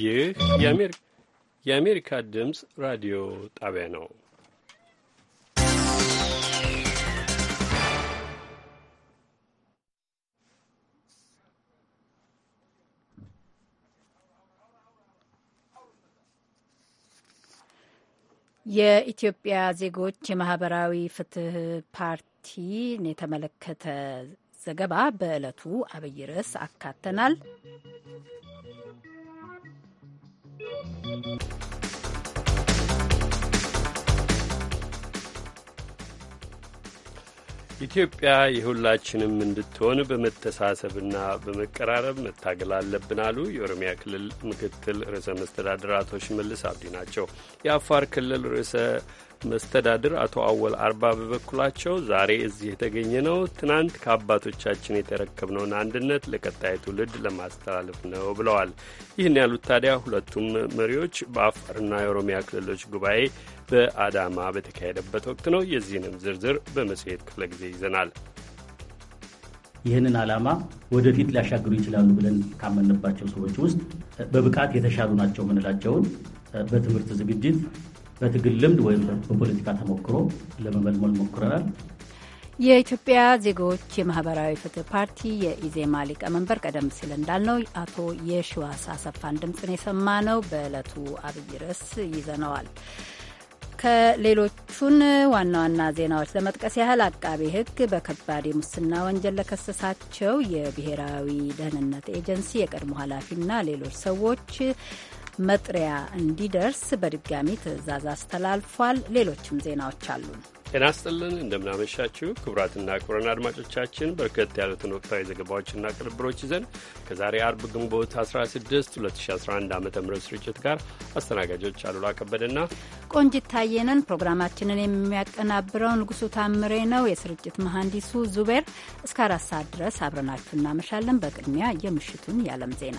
ይህ የአሜሪካ ድምፅ ራዲዮ ጣቢያ ነው። የኢትዮጵያ ዜጎች የማህበራዊ ፍትህ ፓርቲን የተመለከተ ዘገባ በዕለቱ አብይ ርዕስ አካተናል። ኢትዮጵያ የሁላችንም እንድትሆን በመተሳሰብና በመቀራረብ መታገል አለብን አሉ የኦሮሚያ ክልል ምክትል ርዕሰ መስተዳድር አቶ ሽመልስ አብዲ ናቸው። የአፋር ክልል ርዕሰ መስተዳድር አቶ አወል አርባ በበኩላቸው ዛሬ እዚህ የተገኘ ነው ትናንት ከአባቶቻችን የተረከብነውን አንድነት ለቀጣይ ትውልድ ለማስተላለፍ ነው ብለዋል። ይህን ያሉት ታዲያ ሁለቱም መሪዎች በአፋርና የኦሮሚያ ክልሎች ጉባኤ በአዳማ በተካሄደበት ወቅት ነው። የዚህንም ዝርዝር በመጽሔት ክፍለ ጊዜ ይዘናል። ይህንን ዓላማ ወደፊት ሊያሻግሩ ይችላሉ ብለን ካመንባቸው ሰዎች ውስጥ በብቃት የተሻሉ ናቸው ምንላቸውን በትምህርት ዝግጅት በትግል ልምድ ወይም በፖለቲካ ተሞክሮ ለመመልመል ሞክረናል። የኢትዮጵያ ዜጎች የማህበራዊ ፍትህ ፓርቲ የኢዜማ ሊቀመንበር ቀደም ሲል እንዳልነው አቶ የሺዋስ አሰፋን ድምፅን የሰማነው በዕለቱ አብይ ርዕስ ይዘነዋል። ከሌሎቹን ዋና ዋና ዜናዎች ለመጥቀስ ያህል አቃቤ ሕግ በከባድ የሙስና ወንጀል ለከሰሳቸው የብሔራዊ ደህንነት ኤጀንሲ የቀድሞ ኃላፊና ሌሎች ሰዎች መጥሪያ እንዲደርስ በድጋሚ ትዕዛዝ አስተላልፏል። ሌሎችም ዜናዎች አሉ። ጤና ስጥልን፣ እንደምናመሻችሁ ክቡራትና ክቡራን አድማጮቻችን በርከት ያሉትን ወቅታዊ ዘገባዎችና ቅንብሮች ይዘን ከዛሬ አርብ ግንቦት 16 2011 ዓ ም ስርጭት ጋር አስተናጋጆች አሉላ ከበደና ቆንጂት ታየንን። ፕሮግራማችንን የሚያቀናብረው ንጉሱ ታምሬ ነው። የስርጭት መሐንዲሱ ዙቤር። እስከ አራት ሰዓት ድረስ አብረናችሁ እናመሻለን። በቅድሚያ የምሽቱን የዓለም ዜና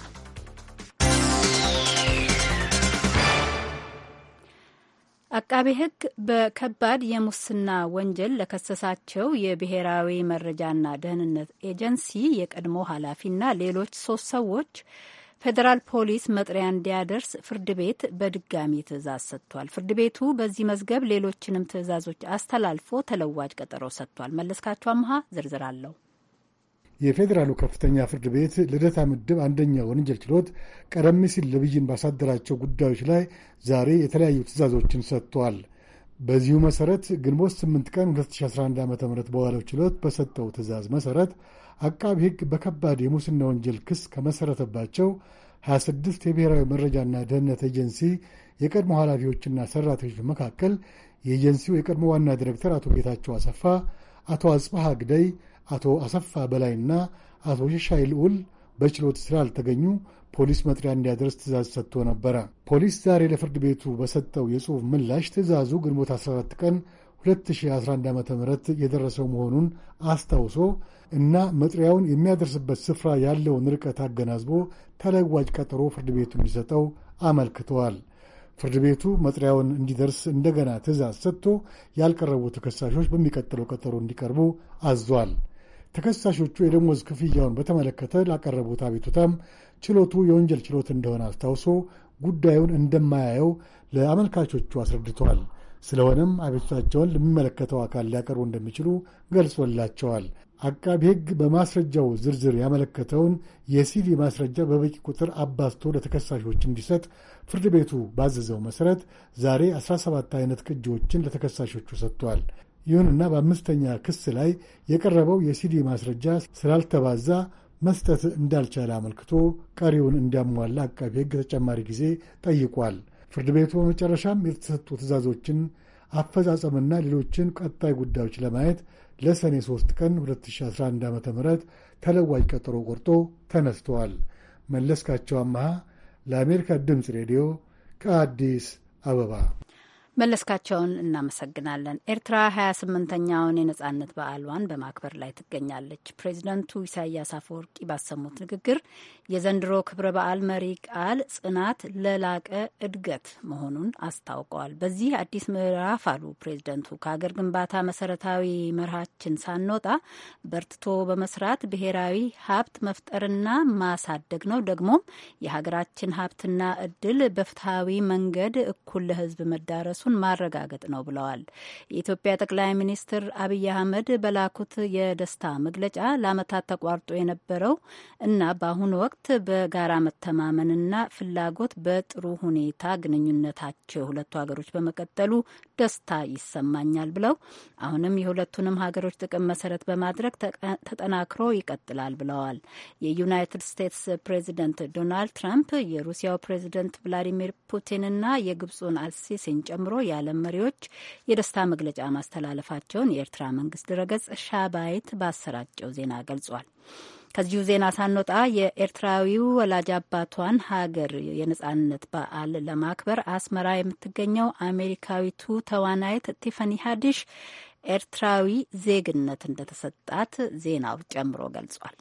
አቃቤ ሕግ በከባድ የሙስና ወንጀል ለከሰሳቸው የብሔራዊ መረጃና ደህንነት ኤጀንሲ የቀድሞ ኃላፊና ሌሎች ሶስት ሰዎች ፌዴራል ፖሊስ መጥሪያ እንዲያደርስ ፍርድ ቤት በድጋሚ ትዕዛዝ ሰጥቷል። ፍርድ ቤቱ በዚህ መዝገብ ሌሎችንም ትዕዛዞች አስተላልፎ ተለዋጭ ቀጠሮ ሰጥቷል። መለስካቸው አምሃ ዝርዝር አለው። የፌዴራሉ ከፍተኛ ፍርድ ቤት ልደታ ምድብ አንደኛ ወንጀል ችሎት ቀደም ሲል ለብይን ባሳደራቸው ጉዳዮች ላይ ዛሬ የተለያዩ ትእዛዞችን ሰጥቷል። በዚሁ መሠረት ግንቦት 8 ቀን 2011 ዓ ም በዋለው ችሎት በሰጠው ትእዛዝ መሠረት አቃቢ ሕግ በከባድ የሙስና ወንጀል ክስ ከመሠረተባቸው 26 የብሔራዊ መረጃና ደህንነት ኤጀንሲ የቀድሞ ኃላፊዎችና ሠራተኞች መካከል የኤጀንሲው የቀድሞ ዋና ዲሬክተር አቶ ጌታቸው አሰፋ፣ አቶ አጽበሃ ግደይ አቶ አሰፋ በላይና አቶ ሸሻይ ልዑል በችሎት ስላልተገኙ ፖሊስ መጥሪያ እንዲያደርስ ትእዛዝ ሰጥቶ ነበረ። ፖሊስ ዛሬ ለፍርድ ቤቱ በሰጠው የጽሑፍ ምላሽ ትእዛዙ ግንቦት 14 ቀን 2011 ዓ ም የደረሰው መሆኑን አስታውሶ እና መጥሪያውን የሚያደርስበት ስፍራ ያለውን ርቀት አገናዝቦ ተለዋጭ ቀጠሮ ፍርድ ቤቱ እንዲሰጠው አመልክተዋል። ፍርድ ቤቱ መጥሪያውን እንዲደርስ እንደገና ትእዛዝ ሰጥቶ ያልቀረቡ ተከሳሾች በሚቀጥለው ቀጠሮ እንዲቀርቡ አዟል። ተከሳሾቹ የደሞዝ ክፍያውን በተመለከተ ላቀረቡት አቤቱታም ችሎቱ የወንጀል ችሎት እንደሆነ አስታውሶ ጉዳዩን እንደማያየው ለአመልካቾቹ አስረድተዋል። ስለሆነም አቤቱታቸውን ለሚመለከተው አካል ሊያቀርቡ እንደሚችሉ ገልጾላቸዋል። አቃቢ ሕግ በማስረጃው ዝርዝር ያመለከተውን የሲቪ ማስረጃ በበቂ ቁጥር አባዝቶ ለተከሳሾች እንዲሰጥ ፍርድ ቤቱ ባዘዘው መሠረት ዛሬ 17 አይነት ቅጂዎችን ለተከሳሾቹ ሰጥቷል። ይሁንና በአምስተኛ ክስ ላይ የቀረበው የሲዲ ማስረጃ ስላልተባዛ መስጠት እንዳልቻለ አመልክቶ ቀሪውን እንዲያሟላ አቃቢ ሕግ ተጨማሪ ጊዜ ጠይቋል። ፍርድ ቤቱ በመጨረሻም የተሰጡ ትዕዛዞችን አፈጻጸምና ሌሎችን ቀጣይ ጉዳዮች ለማየት ለሰኔ 3 ቀን 2011 ዓ ም ተለዋጅ ቀጠሮ ቆርጦ ተነስተዋል። መለስካቸው አመሃ ለአሜሪካ ድምፅ ሬዲዮ ከአዲስ አበባ መለስካቸውን እናመሰግናለን። ኤርትራ 28ኛውን የነጻነት በዓሏን በማክበር ላይ ትገኛለች። ፕሬዚደንቱ ኢሳያስ አፈወርቂ ባሰሙት ንግግር የዘንድሮ ክብረ በዓል መሪ ቃል ጽናት ለላቀ እድገት መሆኑን አስታውቀዋል። በዚህ አዲስ ምዕራፍ አሉ ፕሬዚደንቱ ከሀገር ግንባታ መሰረታዊ መርሃችን ሳንወጣ በርትቶ በመስራት ብሔራዊ ሀብት መፍጠርና ማሳደግ ነው። ደግሞም የሀገራችን ሀብትና እድል በፍትሐዊ መንገድ እኩል ለህዝብ መዳረሱ መድረሱን ማረጋገጥ ነው ብለዋል። የኢትዮጵያ ጠቅላይ ሚኒስትር አብይ አህመድ በላኩት የደስታ መግለጫ ለአመታት ተቋርጦ የነበረው እና በአሁኑ ወቅት በጋራ መተማመንና ፍላጎት በጥሩ ሁኔታ ግንኙነታቸው የሁለቱ ሀገሮች በመቀጠሉ ደስታ ይሰማኛል ብለው አሁንም የሁለቱንም ሀገሮች ጥቅም መሰረት በማድረግ ተጠናክሮ ይቀጥላል ብለዋል። የዩናይትድ ስቴትስ ፕሬዚደንት ዶናልድ ትራምፕ የሩሲያው ፕሬዚደንት ቭላዲሚር ፑቲንና የግብፁን አልሲሲን ጨምሮ ጨምሮ የዓለም መሪዎች የደስታ መግለጫ ማስተላለፋቸውን የኤርትራ መንግስት ድረገጽ ሻባይት ባሰራጨው ዜና ገልጿል። ከዚሁ ዜና ሳንወጣ የኤርትራዊው ወላጅ አባቷን ሀገር የነጻነት በዓል ለማክበር አስመራ የምትገኘው አሜሪካዊቱ ተዋናይት ቲፈኒ ሀዲሽ ኤርትራዊ ዜግነት እንደተሰጣት ዜናው ጨምሮ ገልጿል።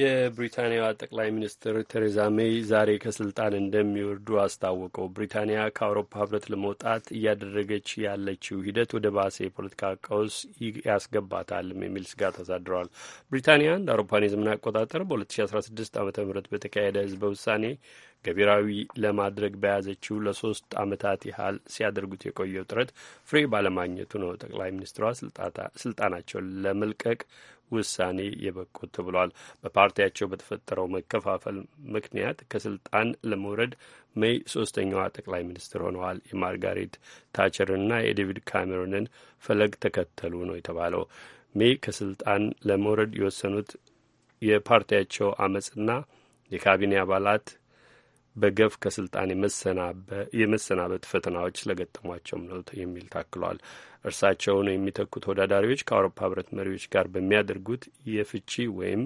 የብሪታንያዋ ጠቅላይ ሚኒስትር ቴሬዛ ሜይ ዛሬ ከስልጣን እንደሚወርዱ አስታወቁ። ብሪታንያ ከአውሮፓ ህብረት ለመውጣት እያደረገች ያለችው ሂደት ወደ ባሰ የፖለቲካ ቀውስ ያስገባታልም የሚል ስጋት አሳድረዋል። ብሪታንያ እንደ አውሮፓን የዘመን አቆጣጠር በ2016 ዓ ም በተካሄደ ህዝበ ውሳኔ ገቢራዊ ለማድረግ በያዘችው ለሶስት ዓመታት ያህል ሲያደርጉት የቆየው ጥረት ፍሬ ባለማግኘቱ ነው ጠቅላይ ሚኒስትሯ ስልጣናቸውን ለመልቀቅ ውሳኔ የበቁት ተብሏል። በፓርቲያቸው በተፈጠረው መከፋፈል ምክንያት ከስልጣን ለመውረድ ሜይ ሶስተኛዋ ጠቅላይ ሚኒስትር ሆነዋል። የማርጋሬት ታቸርና የዴቪድ ካሜሮንን ፈለግ ተከተሉ ነው የተባለው። ሜይ ከስልጣን ለመውረድ የወሰኑት የፓርቲያቸው አመፅና የካቢኔ አባላት በገፍ ከስልጣን የመሰናበት ፈተናዎች ስለገጠሟቸውም ነው የሚል ታክሏል። እርሳቸውን የሚተኩት ተወዳዳሪዎች ከአውሮፓ ህብረት መሪዎች ጋር በሚያደርጉት የፍቺ ወይም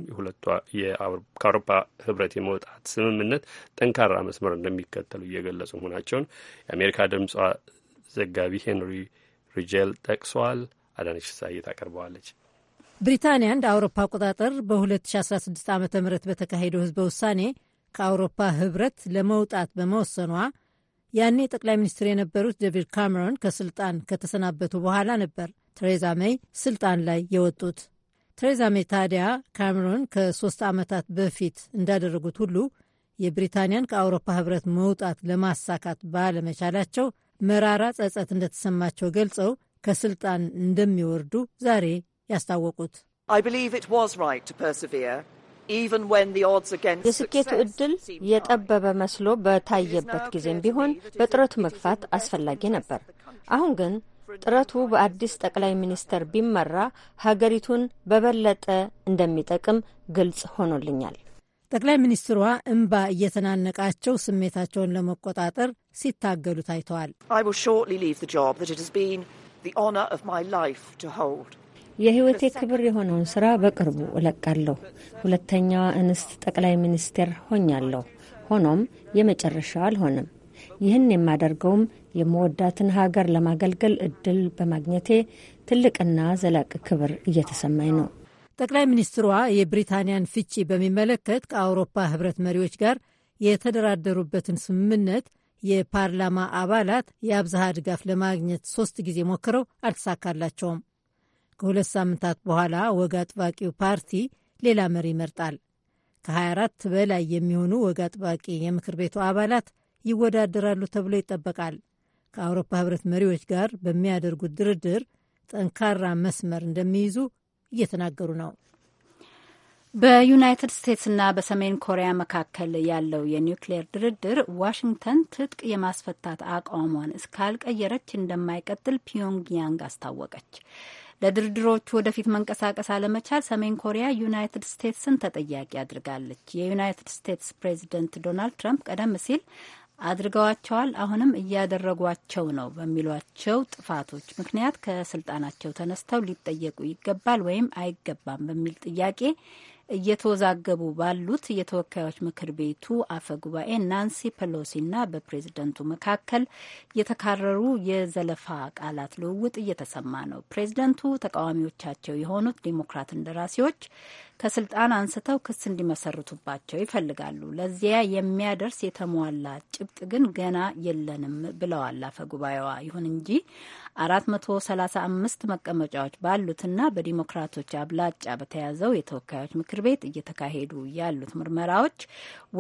ከአውሮፓ ህብረት የመውጣት ስምምነት ጠንካራ መስመር እንደሚከተሉ እየገለጹ መሆናቸውን የአሜሪካ ድምጿ ዘጋቢ ሄንሪ ሪጀል ጠቅሷል። አዳነች ሳየት አቀርበዋለች። ብሪታንያ እንደ አውሮፓ አቆጣጠር በ2016 ዓ ም በተካሄደው ህዝበ ውሳኔ ከአውሮፓ ህብረት ለመውጣት በመወሰኗ ያኔ ጠቅላይ ሚኒስትር የነበሩት ዴቪድ ካሜሮን ከስልጣን ከተሰናበቱ በኋላ ነበር ቴሬዛ ሜይ ስልጣን ላይ የወጡት። ቴሬዛ ሜይ ታዲያ ካሜሮን ከሶስት ዓመታት በፊት እንዳደረጉት ሁሉ የብሪታንያን ከአውሮፓ ህብረት መውጣት ለማሳካት ባለመቻላቸው መራራ ጸጸት እንደተሰማቸው ገልጸው ከስልጣን እንደሚወርዱ ዛሬ ያስታወቁት የስኬት እድል የጠበበ መስሎ በታየበት ጊዜም ቢሆን በጥረቱ መግፋት አስፈላጊ ነበር። አሁን ግን ጥረቱ በአዲስ ጠቅላይ ሚኒስተር ቢመራ ሀገሪቱን በበለጠ እንደሚጠቅም ግልጽ ሆኖልኛል። ጠቅላይ ሚኒስትሯ እምባ እየተናነቃቸው ስሜታቸውን ለመቆጣጠር ሲታገሉ ታይተዋል። የህይወቴ ክብር የሆነውን ስራ በቅርቡ እለቃለሁ። ሁለተኛዋ እንስት ጠቅላይ ሚኒስቴር ሆኛለሁ። ሆኖም የመጨረሻው አልሆንም። ይህን የማደርገውም የመወዳትን ሀገር ለማገልገል እድል በማግኘቴ ትልቅና ዘላቅ ክብር እየተሰማኝ ነው። ጠቅላይ ሚኒስትሯ የብሪታንያን ፍቺ በሚመለከት ከአውሮፓ ህብረት መሪዎች ጋር የተደራደሩበትን ስምምነት የፓርላማ አባላት የአብዝሃ ድጋፍ ለማግኘት ሶስት ጊዜ ሞክረው አልተሳካላቸውም። ከሁለት ሳምንታት በኋላ ወግ አጥባቂው ፓርቲ ሌላ መሪ ይመርጣል። ከ24 በላይ የሚሆኑ ወግ አጥባቂ የምክር ቤቱ አባላት ይወዳደራሉ ተብሎ ይጠበቃል። ከአውሮፓ ህብረት መሪዎች ጋር በሚያደርጉት ድርድር ጠንካራ መስመር እንደሚይዙ እየተናገሩ ነው። በዩናይትድ ስቴትስና በሰሜን ኮሪያ መካከል ያለው የኒውክሌር ድርድር ዋሽንግተን ትጥቅ የማስፈታት አቋሟን እስካልቀየረች እንደማይቀጥል ፒዮንግያንግ አስታወቀች። ለድርድሮቹ ወደፊት መንቀሳቀስ አለመቻል ሰሜን ኮሪያ ዩናይትድ ስቴትስን ተጠያቂ አድርጋለች። የዩናይትድ ስቴትስ ፕሬዚደንት ዶናልድ ትራምፕ ቀደም ሲል አድርገዋቸዋል፣ አሁንም እያደረጓቸው ነው በሚሏቸው ጥፋቶች ምክንያት ከስልጣናቸው ተነስተው ሊጠየቁ ይገባል ወይም አይገባም በሚል ጥያቄ እየተወዛገቡ ባሉት የተወካዮች ምክር ቤቱ አፈ ጉባኤ ናንሲ ፐሎሲና በፕሬዝደንቱ መካከል የተካረሩ የዘለፋ ቃላት ልውውጥ እየተሰማ ነው። ፕሬዝደንቱ ተቃዋሚዎቻቸው የሆኑት ዴሞክራት እንደራሴዎች ከስልጣን አንስተው ክስ እንዲመሰርቱባቸው ይፈልጋሉ። ለዚያ የሚያደርስ የተሟላ ጭብጥ ግን ገና የለንም ብለዋል አፈ ጉባኤዋ። ይሁን እንጂ 435 መቀመጫዎች ባሉትና በዲሞክራቶች አብላጫ በተያዘው የተወካዮች ምክር ቤት እየተካሄዱ ያሉት ምርመራዎች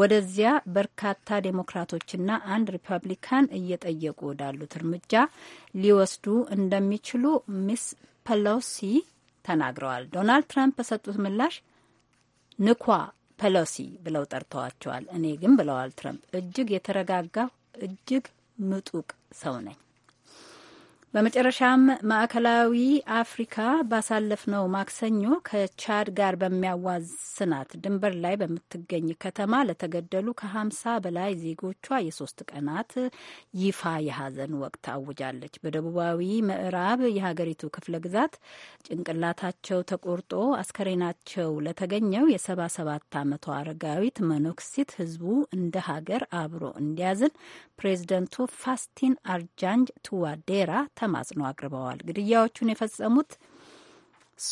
ወደዚያ በርካታ ዴሞክራቶችና አንድ ሪፐብሊካን እየጠየቁ ወዳሉት እርምጃ ሊወስዱ እንደሚችሉ ሚስ ፐሎሲ ተናግረዋል። ዶናልድ ትራምፕ በሰጡት ምላሽ ንኳ ፐሎሲ ብለው ጠርተዋቸዋል። እኔ ግን ብለዋል ትራምፕ እጅግ የተረጋጋሁ እጅግ ምጡቅ ሰው ነኝ። በመጨረሻም ማዕከላዊ አፍሪካ ባሳለፍነው ማክሰኞ ከቻድ ጋር በሚያዋስናት ድንበር ላይ በምትገኝ ከተማ ለተገደሉ ከሀምሳ በላይ ዜጎቿ የሶስት ቀናት ይፋ የሀዘን ወቅት አውጃለች። በደቡባዊ ምዕራብ የሀገሪቱ ክፍለ ግዛት ጭንቅላታቸው ተቆርጦ አስከሬናቸው ለተገኘው የሰባ ሰባት አመቷ አረጋዊት መኖክሲት ህዝቡ እንደ ሀገር አብሮ እንዲያዝን ፕሬዚደንቱ ፋስቲን አርጃንጅ ቱዋዴራ ተማጽኖ አቅርበዋል። ግድያዎቹን የፈጸሙት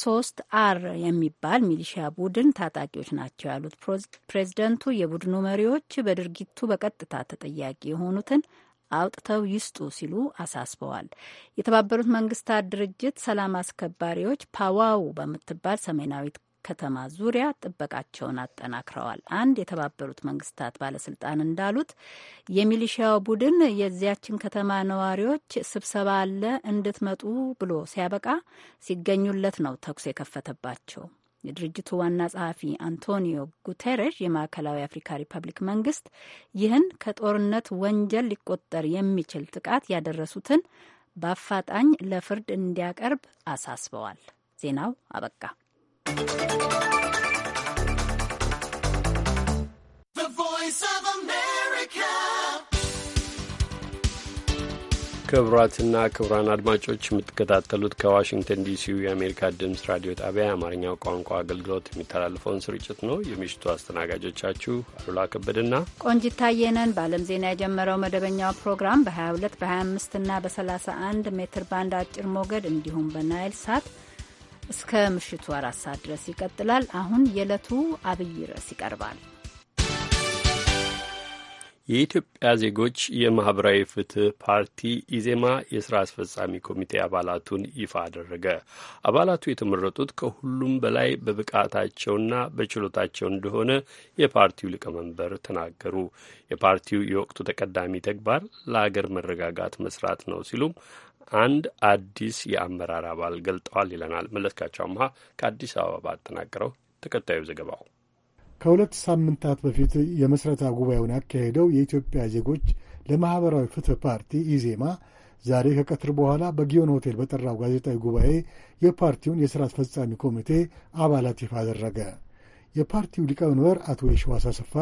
ሶስት አር የሚባል ሚሊሻ ቡድን ታጣቂዎች ናቸው ያሉት ፕሬዝደንቱ፣ የቡድኑ መሪዎች በድርጊቱ በቀጥታ ተጠያቂ የሆኑትን አውጥተው ይስጡ ሲሉ አሳስበዋል። የተባበሩት መንግስታት ድርጅት ሰላም አስከባሪዎች ፓዋው በምትባል ሰሜናዊት ከተማ ዙሪያ ጥበቃቸውን አጠናክረዋል። አንድ የተባበሩት መንግስታት ባለስልጣን እንዳሉት የሚሊሺያው ቡድን የዚያችን ከተማ ነዋሪዎች ስብሰባ አለ እንድትመጡ ብሎ ሲያበቃ ሲገኙለት ነው ተኩስ የከፈተባቸው። የድርጅቱ ዋና ጸሐፊ አንቶኒዮ ጉቴሬሽ የማዕከላዊ አፍሪካ ሪፐብሊክ መንግስት ይህን ከጦርነት ወንጀል ሊቆጠር የሚችል ጥቃት ያደረሱትን በአፋጣኝ ለፍርድ እንዲያቀርብ አሳስበዋል። ዜናው አበቃ። ክቡራትና ክቡራን አድማጮች የምትከታተሉት ከዋሽንግተን ዲሲው የአሜሪካ ድምፅ ራዲዮ ጣቢያ የአማርኛው ቋንቋ አገልግሎት የሚተላለፈውን ስርጭት ነው። የምሽቱ አስተናጋጆቻችሁ አሉላ ከበድና ቆንጂት ታየ በዓለም ዜና የጀመረው መደበኛው ፕሮግራም በ22 በ25ና በ31 ሜትር ባንድ አጭር ሞገድ እንዲሁም በናይል ሳት እስከ ምሽቱ አራት ሰዓት ድረስ ይቀጥላል። አሁን የዕለቱ አብይ ርዕስ ይቀርባል። የኢትዮጵያ ዜጎች የማኅበራዊ ፍትህ ፓርቲ ኢዜማ የሥራ አስፈጻሚ ኮሚቴ አባላቱን ይፋ አደረገ። አባላቱ የተመረጡት ከሁሉም በላይ በብቃታቸውና በችሎታቸው እንደሆነ የፓርቲው ሊቀመንበር ተናገሩ። የፓርቲው የወቅቱ ተቀዳሚ ተግባር ለአገር መረጋጋት መስራት ነው ሲሉም አንድ አዲስ የአመራር አባል ገልጠዋል ይለናል መለስካቸው አምሃ ከአዲስ አበባ ባጠናቀረው ተከታዩ ዘገባው። ከሁለት ሳምንታት በፊት የመስረታ ጉባኤውን ያካሄደው የኢትዮጵያ ዜጎች ለማኅበራዊ ፍትህ ፓርቲ ኢዜማ ዛሬ ከቀትር በኋላ በጊዮን ሆቴል በጠራው ጋዜጣዊ ጉባኤ የፓርቲውን የሥራ አስፈጻሚ ኮሚቴ አባላት ይፋ አደረገ። የፓርቲው ሊቀመንበር አቶ የሸዋስ አሰፋ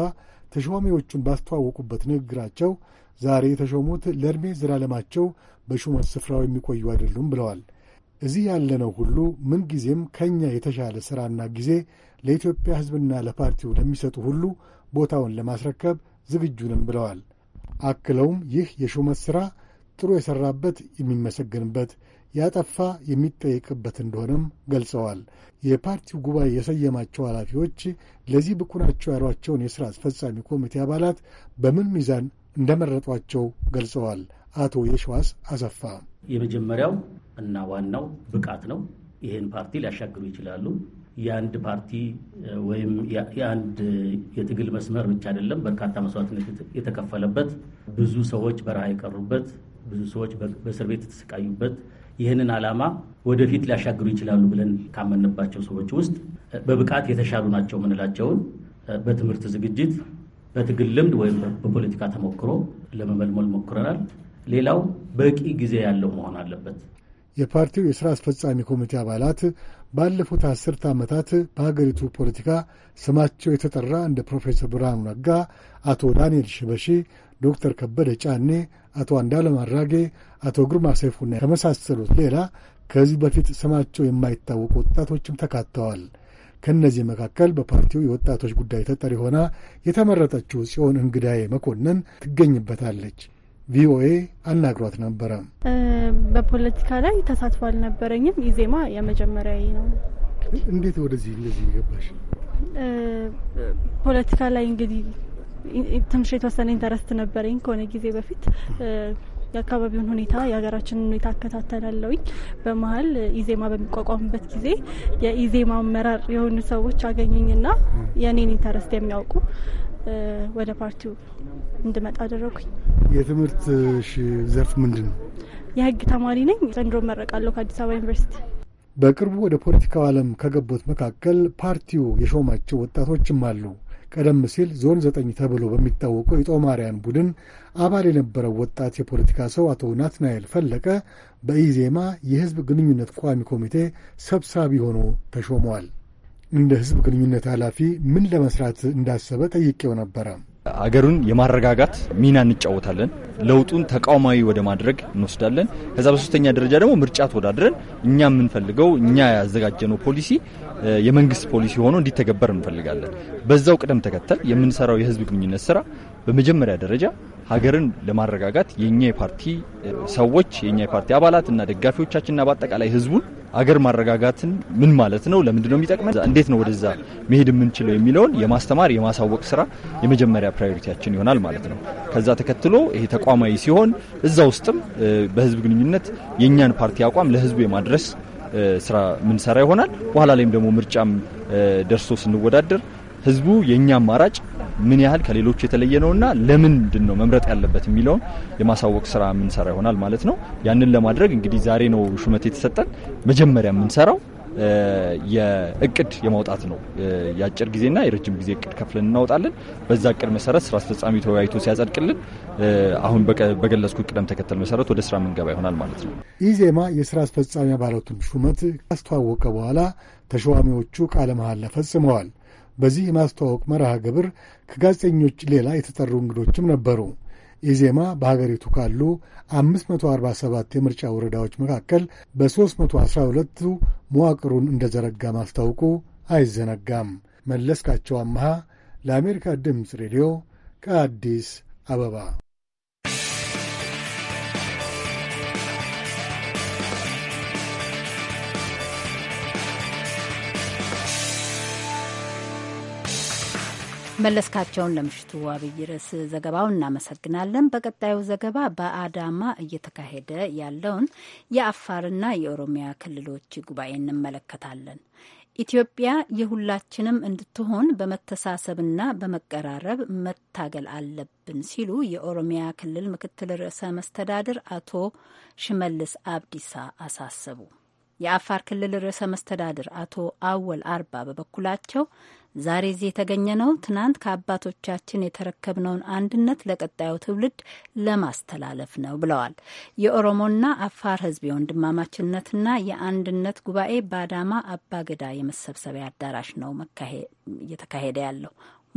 ተሿሚዎቹን ባስተዋወቁበት ንግግራቸው ዛሬ የተሾሙት ለእድሜ ዘላለማቸው በሹመት ስፍራው የሚቆዩ አይደሉም ብለዋል። እዚህ ያለነው ሁሉ ምንጊዜም ከእኛ የተሻለ ሥራና ጊዜ ለኢትዮጵያ ሕዝብና ለፓርቲው ለሚሰጡ ሁሉ ቦታውን ለማስረከብ ዝግጁ ነን ብለዋል። አክለውም ይህ የሹመት ሥራ ጥሩ የሠራበት የሚመሰገንበት ያጠፋ የሚጠየቅበት እንደሆነም ገልጸዋል። የፓርቲው ጉባኤ የሰየማቸው ኃላፊዎች ለዚህ ብቁ ናቸው ያሏቸውን የሥራ አስፈጻሚ ኮሚቴ አባላት በምን ሚዛን እንደመረጧቸው ገልጸዋል። አቶ የሸዋስ አሰፋ የመጀመሪያው እና ዋናው ብቃት ነው። ይህን ፓርቲ ሊያሻግሩ ይችላሉ። የአንድ ፓርቲ ወይም የአንድ የትግል መስመር ብቻ አይደለም። በርካታ መስዋዕትነት የተከፈለበት ብዙ ሰዎች በረሃ የቀሩበት፣ ብዙ ሰዎች በእስር ቤት የተሰቃዩበት ይህንን ዓላማ ወደፊት ሊያሻግሩ ይችላሉ ብለን ካመንባቸው ሰዎች ውስጥ በብቃት የተሻሉ ናቸው የምንላቸውን በትምህርት ዝግጅት በትግል ልምድ ወይም በፖለቲካ ተሞክሮ ለመመልመል ሞክረናል። ሌላው በቂ ጊዜ ያለው መሆን አለበት። የፓርቲው የሥራ አስፈጻሚ ኮሚቴ አባላት ባለፉት አስርተ ዓመታት በሀገሪቱ ፖለቲካ ስማቸው የተጠራ እንደ ፕሮፌሰር ብርሃኑ ነጋ፣ አቶ ዳንኤል ሽበሺ፣ ዶክተር ከበደ ጫኔ፣ አቶ አንዳለም አራጌ፣ አቶ ግርማ ሰይፉና ከመሳሰሉት ሌላ ከዚህ በፊት ስማቸው የማይታወቁ ወጣቶችም ተካተዋል። ከእነዚህ መካከል በፓርቲው የወጣቶች ጉዳይ ተጠሪ ሆና የተመረጠችው ጽዮን እንግዳዬ መኮንን ትገኝበታለች። ቪኦኤ አናግሯት ነበረ። በፖለቲካ ላይ ተሳትፎ አልነበረኝም። ኢዜማ የመጀመሪያ ነው። እንዴት ወደዚህ እንደዚህ የገባሽ? ፖለቲካ ላይ እንግዲህ ትንሽ የተወሰነ ኢንተረስት ነበረኝ ከሆነ ጊዜ በፊት የአካባቢውን ሁኔታ የሀገራችንን ሁኔታ አከታተላለውኝ። በመሀል ኢዜማ በሚቋቋምበት ጊዜ የኢዜማ አመራር የሆኑ ሰዎች አገኙኝና የእኔን ኢንተረስት የሚያውቁ ወደ ፓርቲው እንድመጣ አደረጉኝ። የትምህርት ዘርፍ ምንድን ነው? የህግ ተማሪ ነኝ። ዘንድሮ መረቃለሁ ከአዲስ አበባ ዩኒቨርሲቲ። በቅርቡ ወደ ፖለቲካው ዓለም ከገቡት መካከል ፓርቲው የሾማቸው ወጣቶችም አሉ። ቀደም ሲል ዞን ዘጠኝ ተብሎ በሚታወቀው የጦማርያን ቡድን አባል የነበረው ወጣት የፖለቲካ ሰው አቶ ናትናኤል ፈለቀ በኢዜማ የህዝብ ግንኙነት ቋሚ ኮሚቴ ሰብሳቢ ሆኖ ተሾመዋል። እንደ ህዝብ ግንኙነት ኃላፊ ምን ለመስራት እንዳሰበ ጠይቄው ነበረ። አገሩን የማረጋጋት ሚና እንጫወታለን። ለውጡን ተቃውማዊ ወደ ማድረግ እንወስዳለን። ከዛ በሶስተኛ ደረጃ ደግሞ ምርጫ ተወዳድረን እኛ የምንፈልገው እኛ ያዘጋጀነው ፖሊሲ የመንግስት ፖሊሲ ሆኖ እንዲተገበር እንፈልጋለን። በዛው ቅደም ተከተል የምንሰራው የህዝብ ግንኙነት ስራ በመጀመሪያ ደረጃ ሀገርን ለማረጋጋት የኛ የፓርቲ ሰዎች የኛ የፓርቲ አባላት እና ደጋፊዎቻችንና በአጠቃላይ ህዝቡን አገር ማረጋጋትን ምን ማለት ነው፣ ለምንድን ነው የሚጠቅመን፣ እንዴት ነው ወደዛ መሄድ የምንችለው የሚለውን የማስተማር የማሳወቅ ስራ የመጀመሪያ ፕራዮሪቲያችን ይሆናል ማለት ነው። ከዛ ተከትሎ ይሄ ተቋማዊ ሲሆን እዛ ውስጥም በህዝብ ግንኙነት የእኛን ፓርቲ አቋም ለህዝቡ የማድረስ ስራ ምንሰራ ይሆናል። በኋላ ላይም ደግሞ ምርጫም ደርሶ ስንወዳደር ህዝቡ የእኛ አማራጭ ምን ያህል ከሌሎች የተለየ ነውና ለምንድን ነው መምረጥ ያለበት የሚለውን የማሳወቅ ስራ የምንሰራ ይሆናል ማለት ነው። ያንን ለማድረግ እንግዲህ ዛሬ ነው ሹመት የተሰጠን። መጀመሪያ የምንሰራው የእቅድ የማውጣት ነው። የአጭር ጊዜና የረጅም ጊዜ እቅድ ከፍለን እናወጣለን። በዛ እቅድ መሰረት ስራ አስፈጻሚ ተወያይቶ ሲያጸድቅልን አሁን በገለጽኩት ቅደም ተከተል መሰረት ወደ ስራ የምንገባ ይሆናል ማለት ነው። ኢዜማ የስራ አስፈጻሚ አባላቱን ሹመት ካስተዋወቀ በኋላ ተሸዋሚዎቹ ቃለ መሐላ ፈጽመዋል። በዚህ የማስተዋወቅ መርሃ ግብር ከጋዜጠኞች ሌላ የተጠሩ እንግዶችም ነበሩ። ኢዜማ በሀገሪቱ ካሉ 547 የምርጫ ወረዳዎች መካከል በ312ቱ መዋቅሩን እንደዘረጋ ማስታወቁ አይዘነጋም። መለስካቸው አመሃ ለአሜሪካ ድምፅ ሬዲዮ ከአዲስ አበባ መለስካቸውን ለምሽቱ አብይ ርዕስ ዘገባው እናመሰግናለን። በቀጣዩ ዘገባ በአዳማ እየተካሄደ ያለውን የአፋርና የኦሮሚያ ክልሎች ጉባኤ እንመለከታለን። ኢትዮጵያ የሁላችንም እንድትሆን በመተሳሰብና በመቀራረብ መታገል አለብን ሲሉ የኦሮሚያ ክልል ምክትል ርዕሰ መስተዳድር አቶ ሽመልስ አብዲሳ አሳሰቡ። የአፋር ክልል ርዕሰ መስተዳድር አቶ አወል አርባ በበኩላቸው ዛሬ እዚህ የተገኘ ነው ትናንት ከአባቶቻችን የተረከብነውን አንድነት ለቀጣዩ ትውልድ ለማስተላለፍ ነው ብለዋል። የኦሮሞና አፋር ህዝብ የወንድማማችነትና የአንድነት ጉባኤ በአዳማ አባገዳ የመሰብሰቢያ አዳራሽ ነው እየተካሄደ ያለው።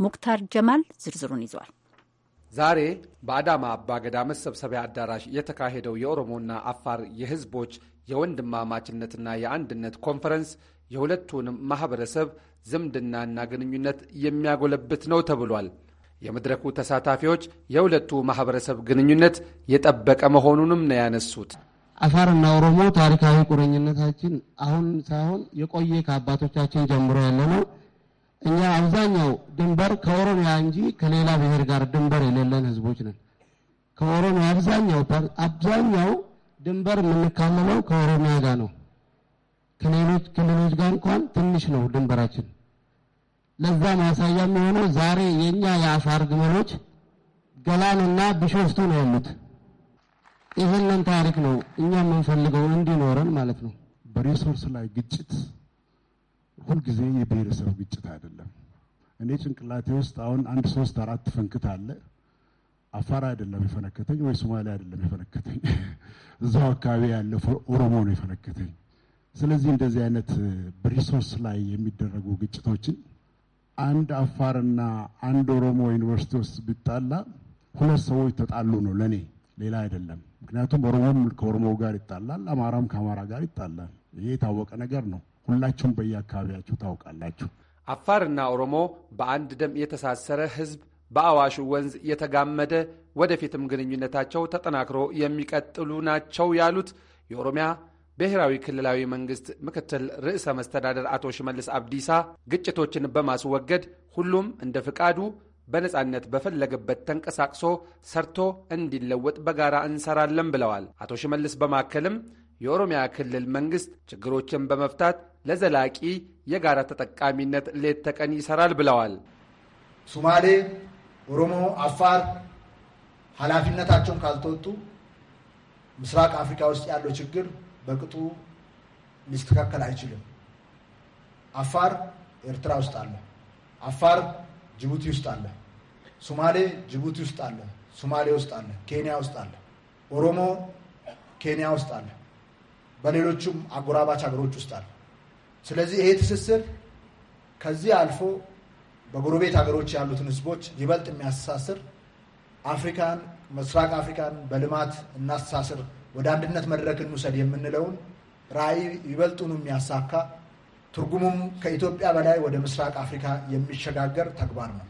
ሙክታር ጀማል ዝርዝሩን ይዟል። ዛሬ በአዳማ አባገዳ መሰብሰቢያ አዳራሽ የተካሄደው የኦሮሞና አፋር የህዝቦች የወንድማማችነትና የአንድነት ኮንፈረንስ የሁለቱንም ማኅበረሰብ ዝምድናና ግንኙነት የሚያጎለብት ነው ተብሏል። የመድረኩ ተሳታፊዎች የሁለቱ ማኅበረሰብ ግንኙነት የጠበቀ መሆኑንም ነው ያነሱት። አፋርና ኦሮሞ ታሪካዊ ቁርኝነታችን አሁን ሳይሆን የቆየ ከአባቶቻችን ጀምሮ ያለ ነው። እኛ አብዛኛው ድንበር ከኦሮሚያ እንጂ ከሌላ ብሔር ጋር ድንበር የሌለን ህዝቦች ነን። ከኦሮሚያ አብዛኛው አብዛኛው ድንበር የምንካለለው ከኦሮሚያ ጋር ነው። ከሌሎች ክልሎች ጋር እንኳን ትንሽ ነው ድንበራችን። ለዛ ማሳያ የሚሆነው ዛሬ የእኛ የአፋር ግመሎች ገላንና ቢሾፍቱ ነው ያሉት። ይህንን ታሪክ ነው እኛ የምንፈልገው እንዲኖረን ማለት ነው። በሪሶርስ ላይ ግጭት ሁልጊዜ የብሔረሰብ ግጭት አይደለም። እኔ ጭንቅላቴ ውስጥ አሁን አንድ ሶስት አራት ፈንክት አለ። አፋር አይደለም የፈነከተኝ ወይ ሶማሊያ አይደለም የፈነከተኝ፣ እዛው አካባቢ ያለ ኦሮሞ ነው የፈነከተኝ። ስለዚህ እንደዚህ አይነት በሪሶርስ ላይ የሚደረጉ ግጭቶችን አንድ አፋርና አንድ ኦሮሞ ዩኒቨርሲቲ ውስጥ ቢጣላ ሁለት ሰዎች ተጣሉ ነው ለእኔ፣ ሌላ አይደለም። ምክንያቱም ኦሮሞም ከኦሮሞ ጋር ይጣላል፣ አማራም ከአማራ ጋር ይጣላል። ይህ የታወቀ ነገር ነው። ሁላችሁም በየአካባቢያችሁ ታውቃላችሁ። አፋርና ኦሮሞ በአንድ ደም የተሳሰረ ህዝብ በአዋሽ ወንዝ የተጋመደ ወደፊትም ግንኙነታቸው ተጠናክሮ የሚቀጥሉ ናቸው ያሉት የኦሮሚያ ብሔራዊ ክልላዊ መንግስት ምክትል ርዕሰ መስተዳደር አቶ ሽመልስ አብዲሳ ግጭቶችን በማስወገድ ሁሉም እንደ ፍቃዱ በነጻነት በፈለገበት ተንቀሳቅሶ ሰርቶ እንዲለወጥ በጋራ እንሰራለን ብለዋል። አቶ ሽመልስ በማከልም የኦሮሚያ ክልል መንግስት ችግሮችን በመፍታት ለዘላቂ የጋራ ተጠቃሚነት ሌት ተቀን ይሰራል ብለዋል። ሱማሌ ኦሮሞ፣ አፋር ኃላፊነታቸውን ካልተወጡ ምስራቅ አፍሪካ ውስጥ ያለው ችግር በቅጡ ሊስተካከል አይችልም። አፋር ኤርትራ ውስጥ አለ። አፋር ጅቡቲ ውስጥ አለ። ሶማሌ ጅቡቲ ውስጥ አለ። ሶማሌ ውስጥ አለ። ኬንያ ውስጥ አለ። ኦሮሞ ኬንያ ውስጥ አለ። በሌሎቹም አጎራባች ሀገሮች ውስጥ አለ። ስለዚህ ይሄ ትስስር ከዚህ አልፎ በጎረቤት ሀገሮች ያሉትን ህዝቦች ይበልጥ የሚያስተሳስር አፍሪካን፣ ምስራቅ አፍሪካን በልማት እናስተሳስር ወደ አንድነት መድረክ እንውሰድ የምንለውን ራዕይ ይበልጡን የሚያሳካ ትርጉሙም ከኢትዮጵያ በላይ ወደ ምስራቅ አፍሪካ የሚሸጋገር ተግባር ነው።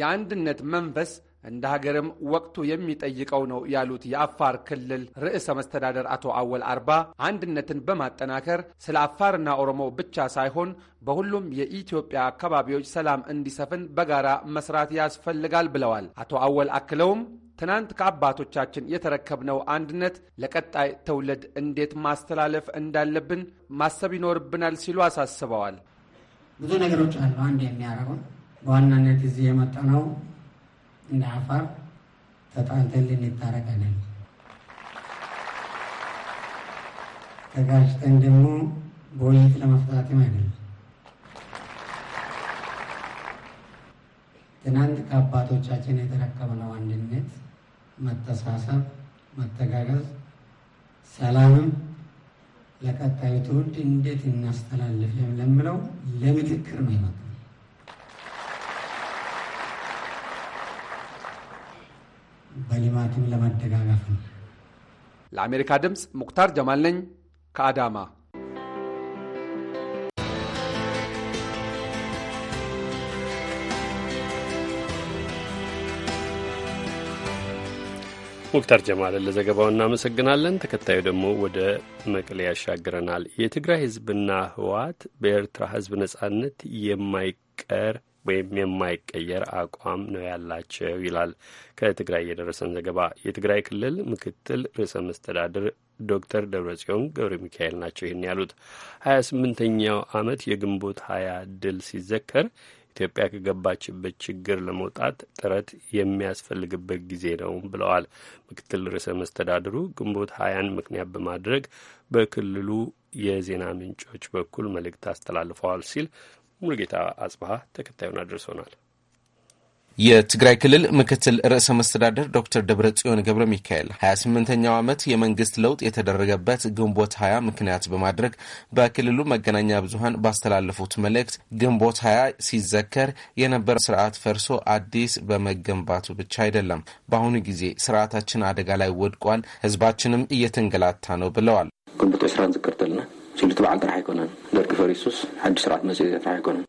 የአንድነት መንፈስ እንደ ሀገርም ወቅቱ የሚጠይቀው ነው ያሉት የአፋር ክልል ርዕሰ መስተዳደር አቶ አወል አርባ አንድነትን በማጠናከር ስለ አፋርና ኦሮሞ ብቻ ሳይሆን በሁሉም የኢትዮጵያ አካባቢዎች ሰላም እንዲሰፍን በጋራ መስራት ያስፈልጋል ብለዋል። አቶ አወል አክለውም ትናንት ከአባቶቻችን የተረከብነው አንድነት ለቀጣይ ትውልድ እንዴት ማስተላለፍ እንዳለብን ማሰብ ይኖርብናል ሲሉ አሳስበዋል። ብዙ ነገሮች አሉ አንድ የሚያረጉን በዋናነት እዚህ የመጣ ነው እንደ አፋር ተጣልተን ልንታረቅ ተጋጭተን ደግሞ በውይይት ለመፍታትም አይደለም። ትናንት ከአባቶቻችን የተረከብነው አንድነት መተሳሰብ፣ መተጋገዝ፣ ሰላምም ለቀጣዩ ትውልድ እንዴት እናስተላልፍ ለምለው ለምክክር ነው ይመጣ በልማትም ለመደጋገፍ ነው። ለአሜሪካ ድምፅ ሙክታር ጀማል ነኝ ከአዳማ ሙክታር ጀማልን ለዘገባው እናመሰግናለን። ተከታዩ ደግሞ ወደ መቀሌ ያሻግረናል። የትግራይ ህዝብና ህወሓት በኤርትራ ህዝብ ነጻነት የማይቀር ወይም የማይቀየር አቋም ነው ያላቸው ይላል ከትግራይ የደረሰን ዘገባ። የትግራይ ክልል ምክትል ርዕሰ መስተዳድር ዶክተር ደብረጽዮን ገብረ ሚካኤል ናቸው ይህን ያሉት። ሀያ ስምንተኛው ዓመት የግንቦት ሀያ ድል ሲዘከር ኢትዮጵያ ከገባችበት ችግር ለመውጣት ጥረት የሚያስፈልግበት ጊዜ ነው ብለዋል። ምክትል ርዕሰ መስተዳድሩ ግንቦት ሀያን ምክንያት በማድረግ በክልሉ የዜና ምንጮች በኩል መልእክት አስተላልፈዋል ሲል ሙሉጌታ አጽብሃ ተከታዩን አድርሶናል። የትግራይ ክልል ምክትል ርዕሰ መስተዳደር ዶክተር ደብረ ጽዮን ገብረ ሚካኤል 28ኛው ዓመት የመንግስት ለውጥ የተደረገበት ግንቦት 20 ምክንያት በማድረግ በክልሉ መገናኛ ብዙሀን ባስተላለፉት መልእክት ግንቦት 20 ሲዘከር የነበረ ስርዓት ፈርሶ አዲስ በመገንባቱ ብቻ አይደለም፣ በአሁኑ ጊዜ ስርዓታችን አደጋ ላይ ወድቋል፣ ህዝባችንም እየተንገላታ ነው ብለዋል። ግንቦት 20 ንዝክር ዘለና በዓል ጥራሕ አይኮነን ደርጊ ፈሪሱስ ሓዱሽ ስርዓት መፅኡ ጥራሕ አይኮነን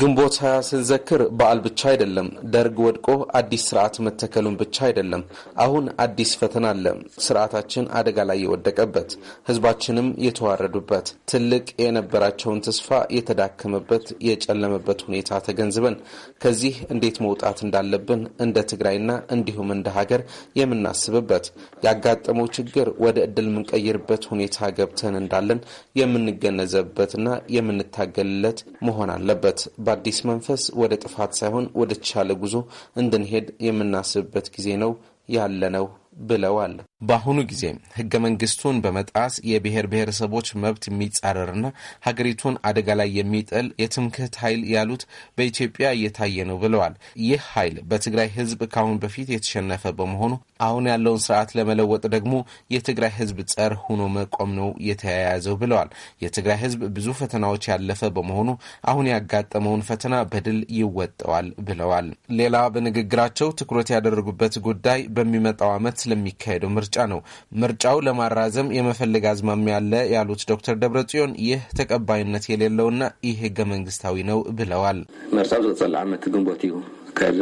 ግንቦት ሀያ ስንዘክር በዓል ብቻ አይደለም። ደርግ ወድቆ አዲስ ስርዓት መተከሉን ብቻ አይደለም። አሁን አዲስ ፈተና አለ። ስርዓታችን አደጋ ላይ የወደቀበት፣ ህዝባችንም የተዋረዱበት፣ ትልቅ የነበራቸውን ተስፋ የተዳከመበት፣ የጨለመበት ሁኔታ ተገንዝበን ከዚህ እንዴት መውጣት እንዳለብን እንደ ትግራይና እንዲሁም እንደ ሀገር የምናስብበት ያጋጠመው ችግር ወደ እድል የምንቀይርበት ሁኔታ ገብተን እንዳለን የምንገነዘብበትና የምንታገልለት መሆን አለበት። በአዲስ መንፈስ ወደ ጥፋት ሳይሆን ወደ ተሻለ ጉዞ እንድንሄድ የምናስብበት ጊዜ ነው ያለ ነው ብለዋል። በአሁኑ ጊዜ ህገ መንግስቱን በመጣስ የብሔር ብሔረሰቦች መብት የሚጻረርና ሀገሪቱን አደጋ ላይ የሚጥል የትምክህት ኃይል ያሉት በኢትዮጵያ እየታየ ነው ብለዋል። ይህ ኃይል በትግራይ ህዝብ ከአሁን በፊት የተሸነፈ በመሆኑ አሁን ያለውን ስርዓት ለመለወጥ ደግሞ የትግራይ ህዝብ ጸር ሆኖ መቆም ነው የተያያዘው ብለዋል። የትግራይ ህዝብ ብዙ ፈተናዎች ያለፈ በመሆኑ አሁን ያጋጠመውን ፈተና በድል ይወጠዋል ብለዋል። ሌላ በንግግራቸው ትኩረት ያደረጉበት ጉዳይ በሚመጣው ዓመት ስለሚካሄደው ምርጫ ነው። ምርጫው ለማራዘም የመፈለግ አዝማሚያ አለ ያሉት ዶክተር ደብረ ጽዮን ይህ ተቀባይነት የሌለውና ይህ ህገ መንግስታዊ ነው ብለዋል። ምርጫው ዘጸል ዓመት ግንቦት እዩ አካሄድ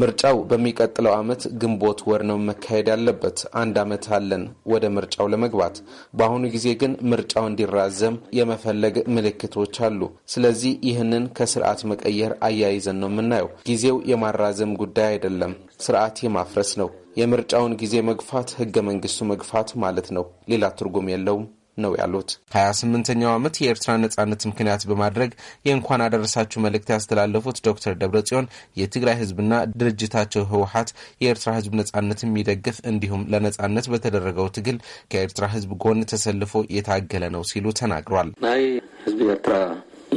ምርጫው በሚቀጥለው ዓመት ግንቦት ወር ነው መካሄድ ያለበት። አንድ ዓመት አለን ወደ ምርጫው ለመግባት። በአሁኑ ጊዜ ግን ምርጫው እንዲራዘም የመፈለግ ምልክቶች አሉ። ስለዚህ ይህንን ከስርዓት መቀየር አያይዘን ነው የምናየው። ጊዜው የማራዘም ጉዳይ አይደለም፣ ስርዓት የማፍረስ ነው። የምርጫውን ጊዜ መግፋት ህገ መንግስቱ መግፋት ማለት ነው። ሌላ ትርጉም የለውም። ነው ያሉት። ሀያ ስምንተኛው ዓመት የኤርትራ ነጻነት ምክንያት በማድረግ የእንኳን አደረሳችሁ መልእክት ያስተላለፉት ዶክተር ደብረጽዮን የትግራይ ህዝብና ድርጅታቸው ህወሀት የኤርትራ ህዝብ ነጻነት የሚደግፍ እንዲሁም ለነጻነት በተደረገው ትግል ከኤርትራ ህዝብ ጎን ተሰልፎ የታገለ ነው ሲሉ ተናግሯል። ናይ ህዝቢ ኤርትራ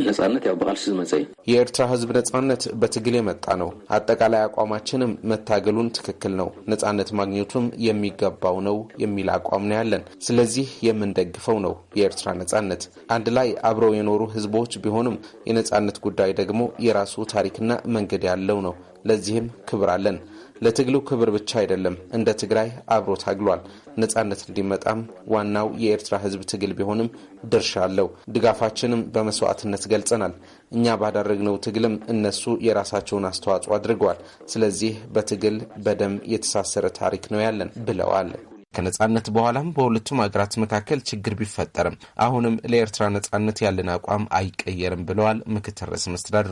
ነጻነት ያው በቃል ሲመፀ የኤርትራ ህዝብ ነጻነት በትግል የመጣ ነው። አጠቃላይ አቋማችንም መታገሉን ትክክል ነው፣ ነጻነት ማግኘቱም የሚገባው ነው የሚል አቋም ነው ያለን። ስለዚህ የምንደግፈው ነው የኤርትራ ነጻነት። አንድ ላይ አብረው የኖሩ ህዝቦች ቢሆንም የነጻነት ጉዳይ ደግሞ የራሱ ታሪክና መንገድ ያለው ነው። ለዚህም ክብር አለን። ለትግሉ ክብር ብቻ አይደለም፣ እንደ ትግራይ አብሮ ታግሏል። ነጻነት እንዲመጣም ዋናው የኤርትራ ህዝብ ትግል ቢሆንም ድርሻ አለው። ድጋፋችንም በመስዋዕትነት ገልጸናል። እኛ ባደረግነው ትግልም እነሱ የራሳቸውን አስተዋጽኦ አድርገዋል። ስለዚህ በትግል በደም የተሳሰረ ታሪክ ነው ያለን ብለዋል። ከነጻነት በኋላም በሁለቱም ሀገራት መካከል ችግር ቢፈጠርም አሁንም ለኤርትራ ነጻነት ያለን አቋም አይቀየርም ብለዋል ምክትል ርዕሰ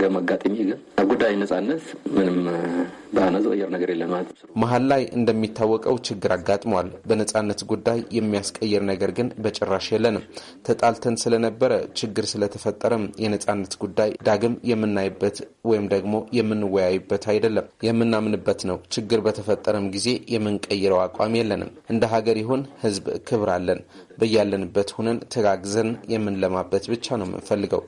ግን ጉዳይ ነጻነት ምንም በአነዝ ቀየር ነገር የለም ማለት መሀል ላይ እንደሚታወቀው ችግር አጋጥሟል። በነጻነት ጉዳይ የሚያስቀይር ነገር ግን በጭራሽ የለንም። ተጣልተን ስለነበረ ችግር ስለተፈጠረም የነጻነት ጉዳይ ዳግም የምናይበት ወይም ደግሞ የምንወያይበት አይደለም፣ የምናምንበት ነው። ችግር በተፈጠረም ጊዜ የምንቀይረው አቋም የለንም። እንደ ሀገር ይሁን ህዝብ ክብር አለን። በያለንበት ሁነን ተጋግዘን የምንለማበት ብቻ ነው የምንፈልገው።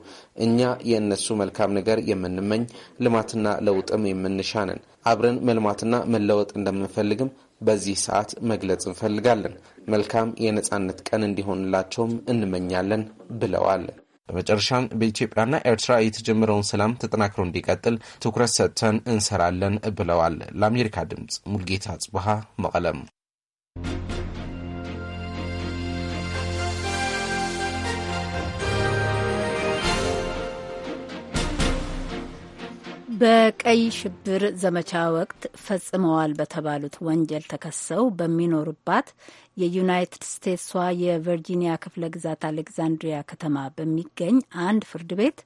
እኛ የእነሱ መልካም ነገር የምንመኝ ልማ ልማትና ለውጥም የምንሻንን አብረን መልማትና መለወጥ እንደምንፈልግም በዚህ ሰዓት መግለጽ እንፈልጋለን። መልካም የነጻነት ቀን እንዲሆንላቸውም እንመኛለን ብለዋል። በመጨረሻም በኢትዮጵያና ኤርትራ የተጀመረውን ሰላም ተጠናክሮ እንዲቀጥል ትኩረት ሰጥተን እንሰራለን ብለዋል። ለአሜሪካ ድምፅ ሙልጌታ ጽቡሃ መቀለም በቀይ ሽብር ዘመቻ ወቅት ፈጽመዋል በተባሉት ወንጀል ተከሰው በሚኖሩባት የዩናይትድ ስቴትሷ የቨርጂኒያ ክፍለ ግዛት አሌግዛንድሪያ ከተማ በሚገኝ አንድ ፍርድ ቤት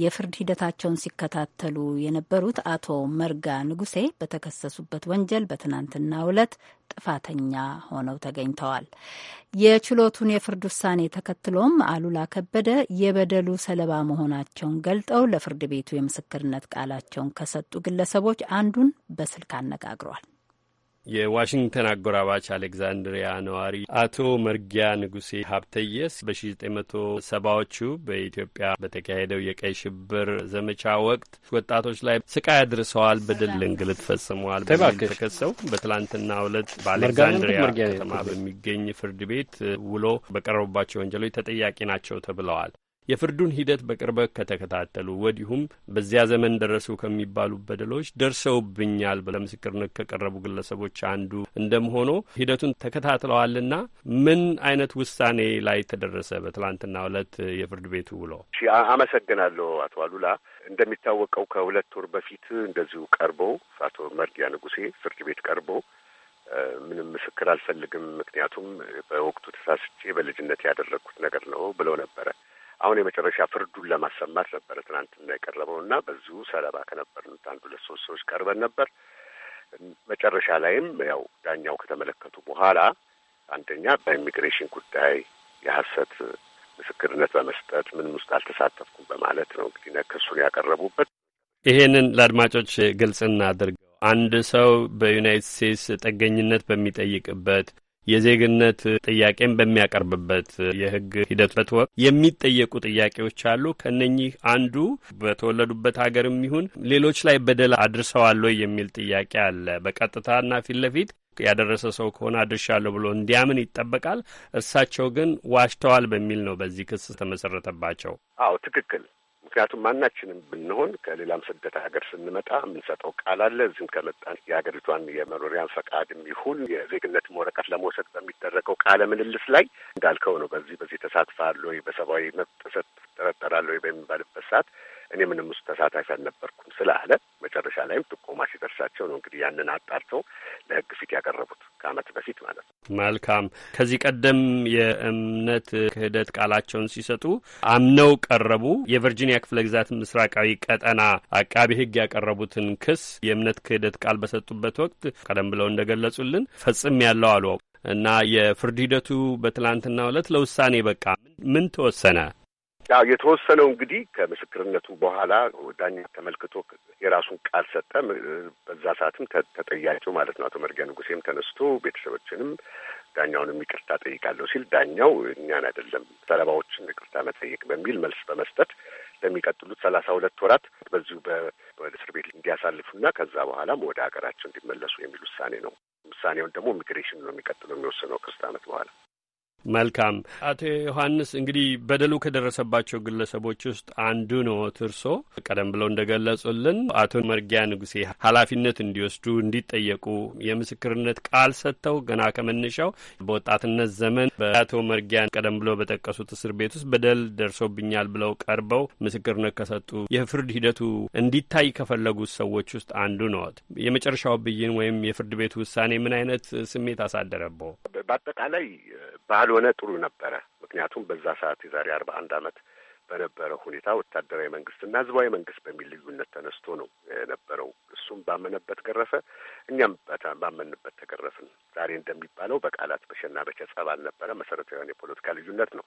የፍርድ ሂደታቸውን ሲከታተሉ የነበሩት አቶ መርጋ ንጉሴ በተከሰሱበት ወንጀል በትናንትናው ዕለት ጥፋተኛ ሆነው ተገኝተዋል። የችሎቱን የፍርድ ውሳኔ ተከትሎም አሉላ ከበደ የበደሉ ሰለባ መሆናቸውን ገልጠው ለፍርድ ቤቱ የምስክርነት ቃላቸውን ከሰጡ ግለሰቦች አንዱን በስልክ አነጋግሯል። የዋሽንግተን አጎራባች አሌግዛንድሪያ ነዋሪ አቶ መርጊያ ንጉሴ ሀብተየስ ዘጠኝ መቶ ዎቹ በኢትዮጵያ በተካሄደው የቀይ ሽብር ዘመቻ ወቅት ወጣቶች ላይ ስቃይ አድርሰዋል፣ በደል እንግልት ፈጽመዋል በሚል ተከሰው በትላንትና ዕለት በአሌግዛንድሪያ ከተማ በሚገኝ ፍርድ ቤት ውሎ በቀረቡባቸው ወንጀሎች ተጠያቂ ናቸው ተብለዋል። የፍርዱን ሂደት በቅርበት ከተከታተሉ ወዲሁም በዚያ ዘመን ደረሱ ከሚባሉ በደሎች ደርሰውብኛል ለምስክርነት ከቀረቡ ግለሰቦች አንዱ እንደመሆኖ ሂደቱን ተከታትለዋልና ምን አይነት ውሳኔ ላይ ተደረሰ? በትላንትና ዕለት የፍርድ ቤቱ ውሎ። አመሰግናለሁ አቶ አሉላ። እንደሚታወቀው ከሁለት ወር በፊት እንደዚሁ ቀርቦ አቶ መርጊያ ንጉሴ ፍርድ ቤት ቀርቦ ምንም ምስክር አልፈልግም፣ ምክንያቱም በወቅቱ ተሳስቼ በልጅነት ያደረግኩት ነገር ነው ብለው ነበረ። አሁን የመጨረሻ ፍርዱን ለማሰማት ነበረ ትናንትና የቀረበው እና በዙ ሰለባ ከነበርንት አንድ ሁለት ሶስት ሰዎች ቀርበን ነበር። መጨረሻ ላይም ያው ዳኛው ከተመለከቱ በኋላ አንደኛ በኢሚግሬሽን ጉዳይ የሀሰት ምስክርነት በመስጠት ምንም ውስጥ አልተሳተፍኩም በማለት ነው እንግዲህ ነክሱን ያቀረቡበት። ይሄንን ለአድማጮች ግልጽ እናድርገው። አንድ ሰው በዩናይትድ ስቴትስ ጥገኝነት በሚጠይቅበት የዜግነት ጥያቄን በሚያቀርብበት የህግ ሂደት ወቅት የሚጠየቁ ጥያቄዎች አሉ። ከነኚህ አንዱ በተወለዱበት ሀገርም ይሁን ሌሎች ላይ በደል አድርሰዋል ወይ የሚል ጥያቄ አለ። በቀጥታና ፊት ለፊት ያደረሰ ሰው ከሆነ አድርሻለሁ ብሎ እንዲያምን ይጠበቃል። እርሳቸው ግን ዋሽተዋል በሚል ነው በዚህ ክስ ተመሰረተባቸው። አዎ ትክክል። ምክንያቱም ማናችንም ብንሆን ከሌላም ስደት ሀገር ስንመጣ የምንሰጠው ቃል አለ። እዚህም ከመጣን የሀገሪቷን የመኖሪያን ፈቃድም ይሁን የዜግነት ወረቀት ለመውሰድ በሚደረገው ቃለ ምልልስ ላይ እንዳልከው ነው። በዚህ በዚህ ተሳትፋለሁ ወይ በሰብአዊ መብት ጥሰት ጠረጠራለሁ ወይ በሚባልበት ሰዓት እኔ ምንም ውስጥ ተሳታፊ አልነበርኩም ስላለ መጨረሻ ላይም ጥቆማ ሲደርሳቸው ነው እንግዲህ ያንን አጣርተው ለህግ ፊት ያቀረቡት ከአመት በፊት ማለት ነው። መልካም። ከዚህ ቀደም የእምነት ክህደት ቃላቸውን ሲሰጡ አምነው ቀረቡ። የቨርጂኒያ ክፍለ ግዛት ምስራቃዊ ቀጠና አቃቢ ህግ ያቀረቡትን ክስ የእምነት ክህደት ቃል በሰጡበት ወቅት ቀደም ብለው እንደገለጹልን ፈጽም ያለው አሉ እና የፍርድ ሂደቱ በትላንትና ዕለት ለውሳኔ በቃ ምን ተወሰነ? ያው የተወሰነው እንግዲህ ከምስክርነቱ በኋላ ዳኛ ተመልክቶ የራሱን ቃል ሰጠ። በዛ ሰዓትም ተጠያቂው ማለት ነው አቶ መርጊያ ንጉሴም ተነስቶ ቤተሰቦችንም ዳኛውንም ይቅርታ ጠይቃለሁ ሲል ዳኛው እኛን አይደለም ሰለባዎችን ይቅርታ መጠየቅ በሚል መልስ በመስጠት ለሚቀጥሉት ሰላሳ ሁለት ወራት በዚሁ በእስር ቤት እንዲያሳልፉና ከዛ በኋላም ወደ ሀገራቸው እንዲመለሱ የሚል ውሳኔ ነው። ውሳኔውን ደግሞ ኢሚግሬሽን ነው የሚቀጥለው የሚወስነው ከሶስት ዓመት በኋላ መልካም አቶ ዮሐንስ እንግዲህ በደሉ ከደረሰባቸው ግለሰቦች ውስጥ አንዱ ነዎት። እርሶ ቀደም ብለው እንደገለጹልን አቶ መርጊያ ንጉሴ ኃላፊነት እንዲወስዱ እንዲጠየቁ የምስክርነት ቃል ሰጥተው ገና ከመነሻው በወጣትነት ዘመን በአቶ መርጊያ ቀደም ብለው በጠቀሱት እስር ቤት ውስጥ በደል ደርሶብኛል ብለው ቀርበው ምስክርነት ከሰጡ የፍርድ ሂደቱ እንዲታይ ከፈለጉት ሰዎች ውስጥ አንዱ ነዎት። የመጨረሻው ብይን ወይም የፍርድ ቤቱ ውሳኔ ምን አይነት ስሜት አሳደረበው? በአጠቃላይ ባህሉ ቢሆነ ጥሩ ነበረ። ምክንያቱም በዛ ሰዓት የዛሬ አርባ አንድ ዓመት በነበረው ሁኔታ ወታደራዊ መንግስትና ህዝባዊ መንግስት በሚል ልዩነት ተነስቶ ነው የነበረው። እሱም ባመነበት ገረፈ፣ እኛም ባመንበት ተገረፍን። ዛሬ እንደሚባለው በቃላት በሸና በቸጸብ አልነበረ። የሆነ የፖለቲካ ልዩነት ነው።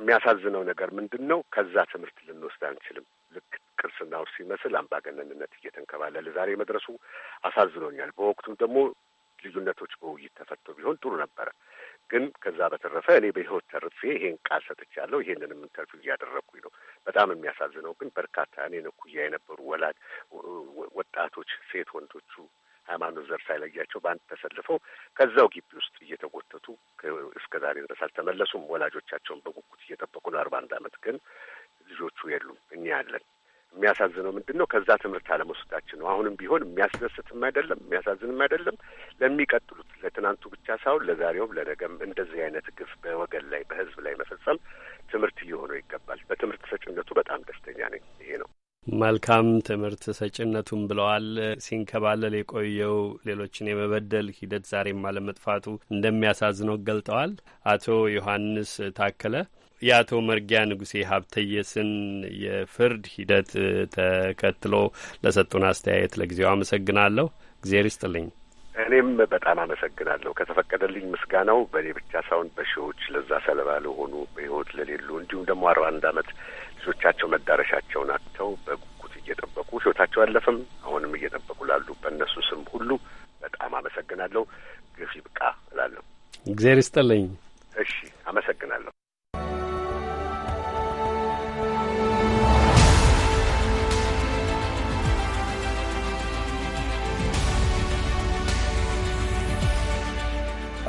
የሚያሳዝነው ነገር ምንድን ነው? ከዛ ትምህርት ልንወስድ አንችልም። ልክ ቅርስና ውርስ ሲመስል አምባገነንነት እየተንከባለለ ዛሬ መድረሱ አሳዝኖኛል። በወቅቱም ደግሞ ልዩነቶች በውይይት ተፈቶ ቢሆን ጥሩ ነበረ። ግን ከዛ በተረፈ እኔ በህይወት ተርፌ ይሄን ቃል ሰጥቻለሁ። ይሄንንም ኢንተርቪው እያደረግኩኝ ነው። በጣም የሚያሳዝነው ግን በርካታ እኔን እኩያ የነበሩ ወላድ ወጣቶች፣ ሴት ወንዶቹ ሃይማኖት ዘር ሳይለያቸው በአንድ ተሰልፈው ከዛው ግቢ ውስጥ እየተጎተቱ እስከ ዛሬ ድረስ አልተመለሱም። ወላጆቻቸውን በጉጉት እየጠበቁ ነው። አርባ አንድ አመት ግን ልጆቹ የሉም፣ እኛ ያለን የሚያሳዝነው ምንድን ነው? ከዛ ትምህርት አለመውሰዳችን ነው። አሁንም ቢሆን የሚያስደስትም አይደለም የሚያሳዝንም አይደለም። ለሚቀጥሉት ለትናንቱ ብቻ ሳይሆን ለዛሬውም ለነገም እንደዚህ አይነት ግፍ በወገን ላይ በህዝብ ላይ መፈጸም ትምህርት እየሆነው ይገባል። በትምህርት ሰጭነቱ በጣም ደስተኛ ነኝ። ይሄ ነው መልካም ትምህርት ሰጭነቱም ብለዋል። ሲንከባለል የቆየው ሌሎችን የመበደል ሂደት ዛሬም አለመጥፋቱ እንደሚያሳዝነው ገልጠዋል። አቶ ዮሐንስ ታከለ የአቶ መርጊያ ንጉሴ ሀብተየስን የፍርድ ሂደት ተከትሎ ለሰጡን አስተያየት ለጊዜው አመሰግናለሁ። እግዜር ይስጥልኝ። እኔም በጣም አመሰግናለሁ። ከተፈቀደልኝ ምስጋናው በእኔ ብቻ ሳይሆን በሺዎች ለዛ ሰለባ ለሆኑ በህይወት ለሌሉ እንዲሁም ደግሞ አርባ አንድ አመት ልጆቻቸው መዳረሻቸው ናቸው በጉጉት እየጠበቁ ህይወታቸው አለፈም አሁንም እየጠበቁ ላሉ በእነሱ ስም ሁሉ በጣም አመሰግናለሁ። ግፍ ይብቃ እላለሁ። እግዜር ይስጥልኝ። እሺ፣ አመሰግናለሁ።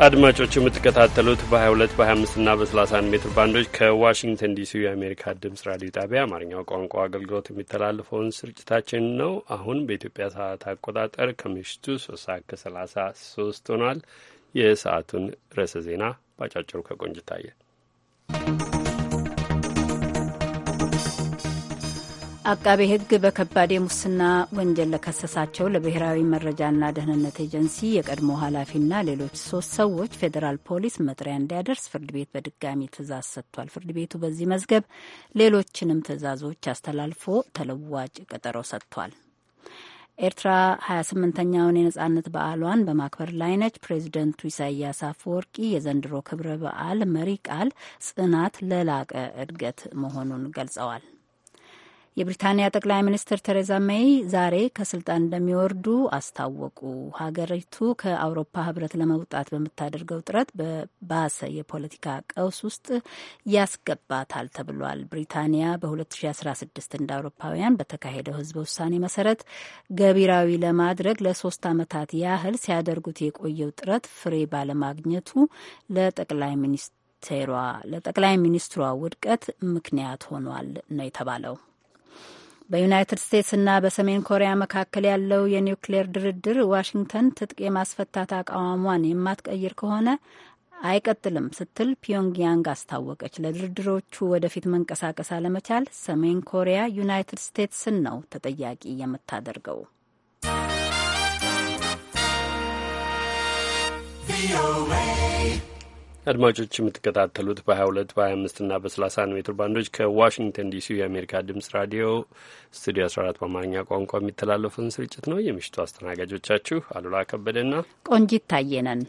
አድማጮች የምትከታተሉት በ22 በ25ና በ31 ሜትር ባንዶች ከዋሽንግተን ዲሲ የአሜሪካ ድምፅ ራዲዮ ጣቢያ አማርኛው ቋንቋ አገልግሎት የሚተላለፈውን ስርጭታችን ነው። አሁን በኢትዮጵያ ሰዓት አቆጣጠር ከምሽቱ 3 ሰዓት ከ33 ሆኗል። የሰዓቱን ርዕሰ ዜና ባጫጭሩ ከቆንጅታየ አቃቤ ሕግ በከባድ የሙስና ወንጀል ለከሰሳቸው ለብሔራዊ መረጃና ደህንነት ኤጀንሲ የቀድሞ ኃላፊና ሌሎች ሶስት ሰዎች ፌዴራል ፖሊስ መጥሪያ እንዲያደርስ ፍርድ ቤት በድጋሚ ትዕዛዝ ሰጥቷል። ፍርድ ቤቱ በዚህ መዝገብ ሌሎችንም ትዕዛዞች አስተላልፎ ተለዋጭ ቀጠሮ ሰጥቷል። ኤርትራ 28ኛውን የነጻነት በዓሏን በማክበር ላይ ነች። ፕሬዚደንቱ ኢሳያስ አፈወርቂ የዘንድሮ ክብረ በዓል መሪ ቃል ጽናት ለላቀ እድገት መሆኑን ገልጸዋል። የብሪታንያ ጠቅላይ ሚኒስትር ቴሬዛ ሜይ ዛሬ ከስልጣን እንደሚወርዱ አስታወቁ። ሀገሪቱ ከአውሮፓ ህብረት ለመውጣት በምታደርገው ጥረት በባሰ የፖለቲካ ቀውስ ውስጥ ያስገባታል ተብሏል። ብሪታንያ በ2016 እንደ አውሮፓውያን በተካሄደው ህዝበ ውሳኔ መሰረት ገቢራዊ ለማድረግ ለሶስት ዓመታት ያህል ሲያደርጉት የቆየው ጥረት ፍሬ ባለማግኘቱ ለጠቅላይ ሚኒስትሯ ለጠቅላይ ሚኒስትሯ ውድቀት ምክንያት ሆኗል ነው የተባለው። በዩናይትድ ስቴትስና በሰሜን ኮሪያ መካከል ያለው የኒውክሌር ድርድር ዋሽንግተን ትጥቅ የማስፈታት አቋሟን የማትቀይር ከሆነ አይቀጥልም ስትል ፒዮንግያንግ አስታወቀች። ለድርድሮቹ ወደፊት መንቀሳቀስ አለመቻል ሰሜን ኮሪያ ዩናይትድ ስቴትስን ነው ተጠያቂ የምታደርገው። ቪኦኤ አድማጮች የምትከታተሉት በ22 በ25 እና በ31 ሜትር ባንዶች ከዋሽንግተን ዲሲ የአሜሪካ ድምጽ ራዲዮ ስቱዲዮ 14 በአማርኛ ቋንቋ የሚተላለፉን ስርጭት ነው። የምሽቱ አስተናጋጆቻችሁ አሉላ ከበደና ቆንጂት ታየነን።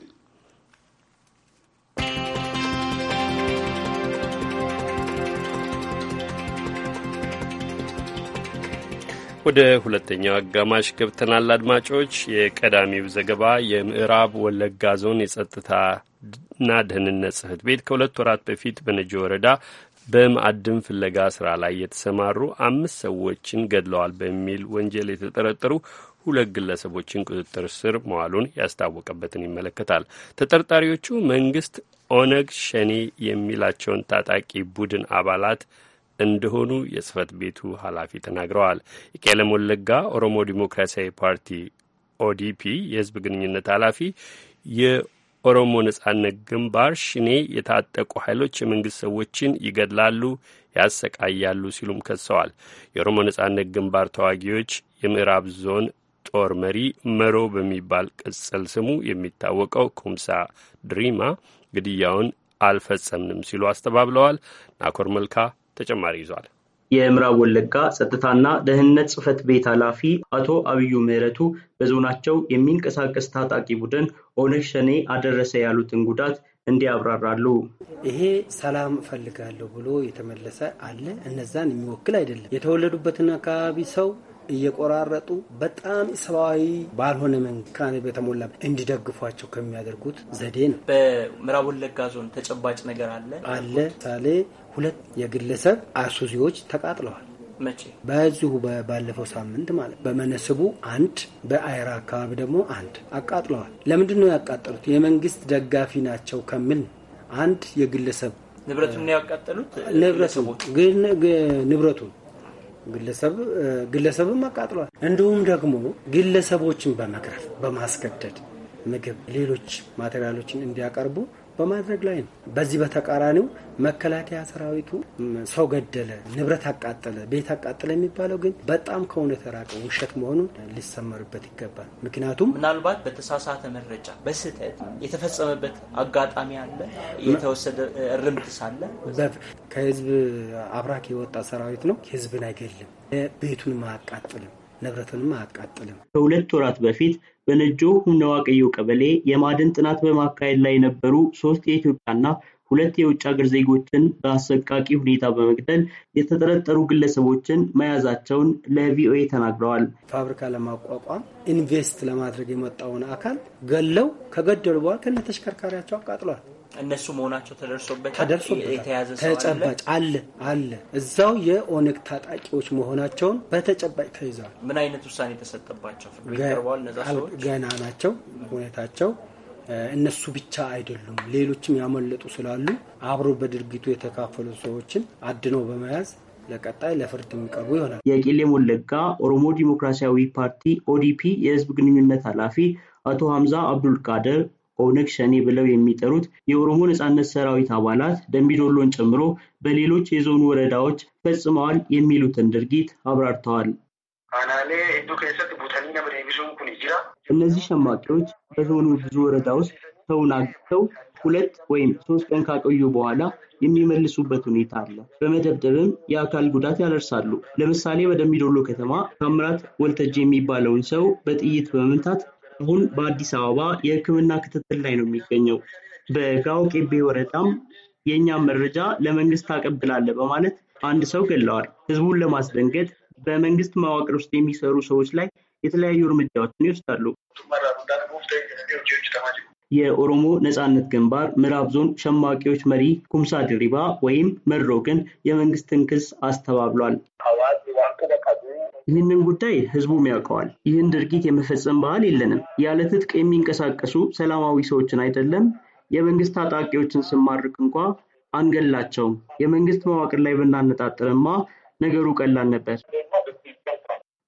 ወደ ሁለተኛው አጋማሽ ገብተናል። አድማጮች የቀዳሚው ዘገባ የምዕራብ ወለጋ ዞን የጸጥታ ና ደህንነት ጽህፈት ቤት ከሁለት ወራት በፊት በነጂ ወረዳ በማዕድን ፍለጋ ስራ ላይ የተሰማሩ አምስት ሰዎችን ገድለዋል በሚል ወንጀል የተጠረጠሩ ሁለት ግለሰቦችን ቁጥጥር ስር መዋሉን ያስታወቀበትን ይመለከታል። ተጠርጣሪዎቹ መንግስት ኦነግ ሸኔ የሚላቸውን ታጣቂ ቡድን አባላት እንደሆኑ የጽህፈት ቤቱ ኃላፊ ተናግረዋል። የቄለም ወለጋ ኦሮሞ ዲሞክራሲያዊ ፓርቲ ኦዲፒ የህዝብ ግንኙነት ኃላፊ ኦሮሞ ነጻነት ግንባር ሽኔ የታጠቁ ኃይሎች የመንግሥት ሰዎችን ይገድላሉ፣ ያሰቃያሉ ሲሉም ከሰዋል። የኦሮሞ ነጻነት ግንባር ተዋጊዎች የምዕራብ ዞን ጦር መሪ መሮ በሚባል ቅጽል ስሙ የሚታወቀው ኩምሳ ድሪማ ግድያውን አልፈጸምንም ሲሉ አስተባብለዋል። ናኮር መልካ ተጨማሪ ይዟል። የምዕራብ ወለጋ ጸጥታና ደህንነት ጽህፈት ቤት ኃላፊ አቶ አብዩ ምህረቱ በዞናቸው የሚንቀሳቀስ ታጣቂ ቡድን ኦነግ ሸኔ አደረሰ ያሉትን ጉዳት እንዲያብራራሉ። ይሄ ሰላም እፈልጋለሁ ብሎ የተመለሰ አለ። እነዛን የሚወክል አይደለም። የተወለዱበትን አካባቢ ሰው እየቆራረጡ በጣም ሰብአዊ ባልሆነ መንካን በተሞላ እንዲደግፏቸው ከሚያደርጉት ዘዴ ነው። በምዕራብ ወለጋ ዞን ተጨባጭ ነገር አለ አለ ሳሌ ሁለት የግለሰብ አሱዚዎች ተቃጥለዋል። መቼ? በዚሁ ባለፈው ሳምንት ማለት በመነስቡ አንድ፣ በአይራ አካባቢ ደግሞ አንድ አቃጥለዋል። ለምንድን ነው ያቃጠሉት? የመንግስት ደጋፊ ናቸው ከሚል አንድ የግለሰብ ንብረቱን ያቃጠሉት። ንብረቱን ግለሰብም አቃጥሏል። እንዲሁም ደግሞ ግለሰቦችን በመግረፍ በማስገደድ ምግብ፣ ሌሎች ማቴሪያሎችን እንዲያቀርቡ በማድረግ ላይ ነው። በዚህ በተቃራኒው መከላከያ ሰራዊቱ ሰው ገደለ፣ ንብረት አቃጠለ፣ ቤት አቃጠለ የሚባለው ግን በጣም ከእውነት የራቀ ውሸት መሆኑን ሊሰመርበት ይገባል። ምክንያቱም ምናልባት በተሳሳተ መረጃ በስህተት የተፈጸመበት አጋጣሚ አለ፣ የተወሰደ እርምት ሳለ ከህዝብ አብራክ የወጣ ሰራዊት ነው። ህዝብን አይገልም፣ ቤቱንም አያቃጥልም፣ ንብረትንም አያቃጥልም። ከሁለት ወራት በፊት በለጆ ሁምነዋቀዮ ቀበሌ የማዕድን ጥናት በማካሄድ ላይ የነበሩ ሶስት የኢትዮጵያና ሁለት የውጭ ሀገር ዜጎችን በአሰቃቂ ሁኔታ በመግደል የተጠረጠሩ ግለሰቦችን መያዛቸውን ለቪኦኤ ተናግረዋል። ፋብሪካ ለማቋቋም ኢንቨስት ለማድረግ የመጣውን አካል ገለው ከገደሉ በኋላ ከነ ተሽከርካሪያቸው አቃጥሏል። እነሱ መሆናቸው ተደርሶበታል። ተጨባጭ አለ አለ እዛው የኦነግ ታጣቂዎች መሆናቸውን በተጨባጭ ተይዘዋል። ምን አይነት ውሳኔ የተሰጠባቸው ገና ናቸው ሁኔታቸው እነሱ ብቻ አይደሉም። ሌሎችም ያመለጡ ስላሉ አብሮ በድርጊቱ የተካፈሉ ሰዎችን አድነው በመያዝ ለቀጣይ ለፍርድ የሚቀርቡ ይሆናል። የቄለም ወለጋ ኦሮሞ ዲሞክራሲያዊ ፓርቲ ኦዲፒ የህዝብ ግንኙነት ኃላፊ አቶ ሀምዛ አብዱልቃድር ኦነግ ሸኔ ብለው የሚጠሩት የኦሮሞ ነጻነት ሰራዊት አባላት ደንቢዶሎን ጨምሮ በሌሎች የዞኑ ወረዳዎች ፈጽመዋል የሚሉትን ድርጊት አብራርተዋል። እነዚህ ሸማቂዎች በዞኑ ብዙ ወረዳ ውስጥ ሰውን አግተው ሁለት ወይም ሶስት ቀን ካቆዩ በኋላ የሚመልሱበት ሁኔታ አለ። በመደብደብም የአካል ጉዳት ያደርሳሉ። ለምሳሌ በደምቢዶሎ ከተማ ከምራት ወልተጅ የሚባለውን ሰው በጥይት በመምታት አሁን በአዲስ አበባ የሕክምና ክትትል ላይ ነው የሚገኘው። በጋው ቄቤ ወረዳም የእኛ መረጃ ለመንግስት ታቀብላለ በማለት አንድ ሰው ገለዋል። ህዝቡን ለማስደንገጥ በመንግስት መዋቅር ውስጥ የሚሰሩ ሰዎች ላይ የተለያዩ እርምጃዎችን ይወስዳሉ። የኦሮሞ ነጻነት ግንባር ምዕራብ ዞን ሸማቂዎች መሪ ኩምሳ ድሪባ ወይም መድሮ ግን የመንግስትን ክስ አስተባብሏል። ይህንን ጉዳይ ህዝቡም ያውቀዋል። ይህን ድርጊት የመፈጸም ባህል የለንም። ያለ ትጥቅ የሚንቀሳቀሱ ሰላማዊ ሰዎችን አይደለም የመንግስት ታጣቂዎችን ስማርክ እንኳ አንገላቸውም። የመንግስት መዋቅር ላይ ብናነጣጥርማ ነገሩ ቀላል ነበር።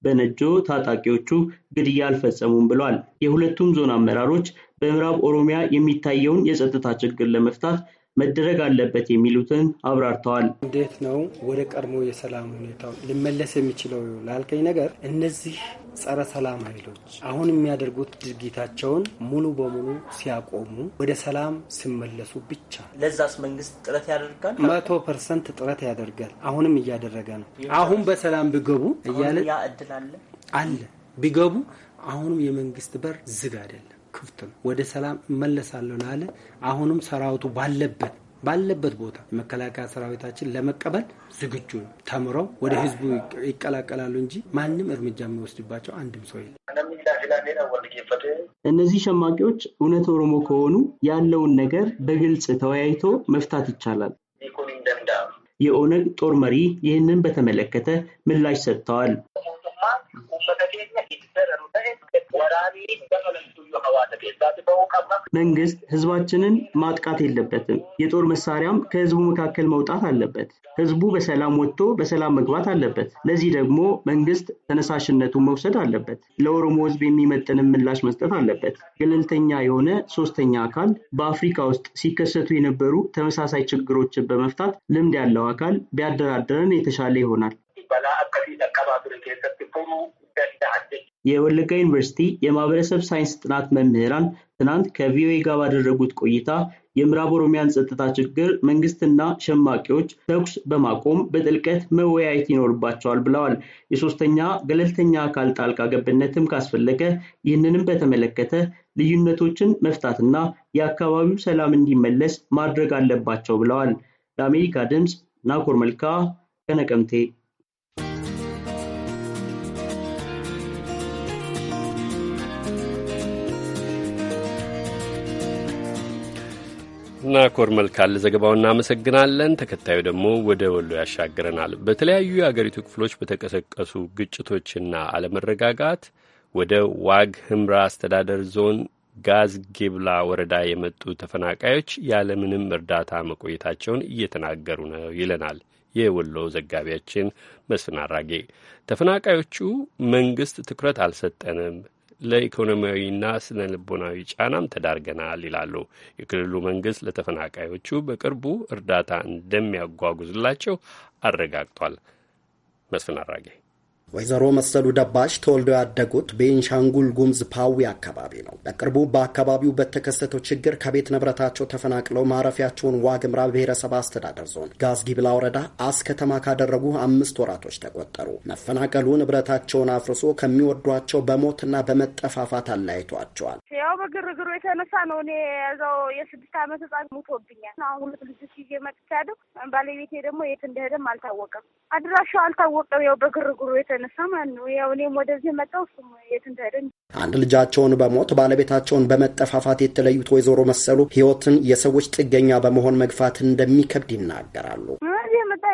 በነጆ ታጣቂዎቹ ግድያ አልፈጸሙም ብሏል። የሁለቱም ዞን አመራሮች በምዕራብ ኦሮሚያ የሚታየውን የጸጥታ ችግር ለመፍታት መደረግ አለበት የሚሉትን አብራርተዋል። እንዴት ነው ወደ ቀድሞ የሰላም ሁኔታው ሊመለስ የሚችለው ላልከኝ ነገር እነዚህ ጸረ ሰላም ኃይሎች አሁን የሚያደርጉት ድርጊታቸውን ሙሉ በሙሉ ሲያቆሙ ወደ ሰላም ሲመለሱ ብቻ። ለዛስ መንግስት ጥረት ያደርጋል፣ መቶ ፐርሰንት ጥረት ያደርጋል። አሁንም እያደረገ ነው። አሁን በሰላም ቢገቡ እያለ ያ እድል አለ አለ ቢገቡ አሁንም የመንግስት በር ዝግ አይደለም። ክፍት ነው። ወደ ሰላም እመለሳለሁ ላለ አሁንም ሰራዊቱ ባለበት ባለበት ቦታ መከላከያ ሰራዊታችን ለመቀበል ዝግጁ ነው። ተምረው ወደ ህዝቡ ይቀላቀላሉ እንጂ ማንም እርምጃ የሚወስድባቸው አንድም ሰው የለም። እነዚህ ሸማቂዎች እውነት ኦሮሞ ከሆኑ ያለውን ነገር በግልጽ ተወያይቶ መፍታት ይቻላል። የኦነግ ጦር መሪ ይህንን በተመለከተ ምላሽ ሰጥተዋል። መንግስት ህዝባችንን ማጥቃት የለበትም። የጦር መሳሪያም ከህዝቡ መካከል መውጣት አለበት። ህዝቡ በሰላም ወጥቶ በሰላም መግባት አለበት። ለዚህ ደግሞ መንግስት ተነሳሽነቱን መውሰድ አለበት። ለኦሮሞ ህዝብ የሚመጥንም ምላሽ መስጠት አለበት። ገለልተኛ የሆነ ሶስተኛ አካል በአፍሪካ ውስጥ ሲከሰቱ የነበሩ ተመሳሳይ ችግሮችን በመፍታት ልምድ ያለው አካል ቢያደራድረን የተሻለ ይሆናል። የወለጋ ዩኒቨርሲቲ የማህበረሰብ ሳይንስ ጥናት መምህራን ትናንት ከቪኦኤ ጋር ባደረጉት ቆይታ የምዕራብ ኦሮሚያን ጸጥታ ችግር መንግስትና ሸማቂዎች ተኩስ በማቆም በጥልቀት መወያየት ይኖርባቸዋል ብለዋል። የሶስተኛ ገለልተኛ አካል ጣልቃ ገብነትም ካስፈለገ ይህንንም በተመለከተ ልዩነቶችን መፍታትና የአካባቢው ሰላም እንዲመለስ ማድረግ አለባቸው ብለዋል። ለአሜሪካ ድምፅ ናኮር መልካ ከነቀምቴ ናኮር መልካል ዘገባው እናመሰግናለን። ተከታዩ ደግሞ ወደ ወሎ ያሻግረናል። በተለያዩ የአገሪቱ ክፍሎች በተቀሰቀሱ ግጭቶችና አለመረጋጋት ወደ ዋግ ህምራ አስተዳደር ዞን ጋዝ ጌብላ ወረዳ የመጡ ተፈናቃዮች ያለምንም እርዳታ መቆየታቸውን እየተናገሩ ነው ይለናል የወሎ ዘጋቢያችን መስፍን አራጌ። ተፈናቃዮቹ መንግስት ትኩረት አልሰጠንም ለኢኮኖሚያዊና ስነ ልቦናዊ ጫናም ተዳርገናል ይላሉ። የክልሉ መንግስት ለተፈናቃዮቹ በቅርቡ እርዳታ እንደሚያጓጉዝላቸው አረጋግጧል። መስፍን አራጌ ወይዘሮ መሰሉ ደባሽ ተወልደው ያደጉት ቤንሻንጉል ጉምዝ ፓዊ አካባቢ ነው። በቅርቡ በአካባቢው በተከሰተው ችግር ከቤት ንብረታቸው ተፈናቅለው ማረፊያቸውን ዋግምራ ብሔረሰብ አስተዳደር ዞን ጋዝጊብላ ወረዳ አስ ከተማ ካደረጉ አምስት ወራቶች ተቆጠሩ። መፈናቀሉ ንብረታቸውን አፍርሶ ከሚወዷቸው በሞትና በመጠፋፋት አለያይቷቸዋል። ያው በግርግሩ የተነሳ ነው። እኔ እዛው የስድስት ዓመት ሕጻን ሞቶብኛል። አሁን ሁለት ልጆች ይዤ መጥቻለሁ። ባለቤቴ ደግሞ የት እንደሄደም አልታወቀም። አድራሻው አልታወቀም። ያው በግርግሩ የተነ የተነሳ ማለት ነው። ያው እኔም ወደዚህ መጣው እሱም የት እንደሄደ አንድ ልጃቸውን በሞት ባለቤታቸውን በመጠፋፋት የተለዩት ወይዘሮ መሰሉ ህይወትን የሰዎች ጥገኛ በመሆን መግፋት እንደሚከብድ ይናገራሉ።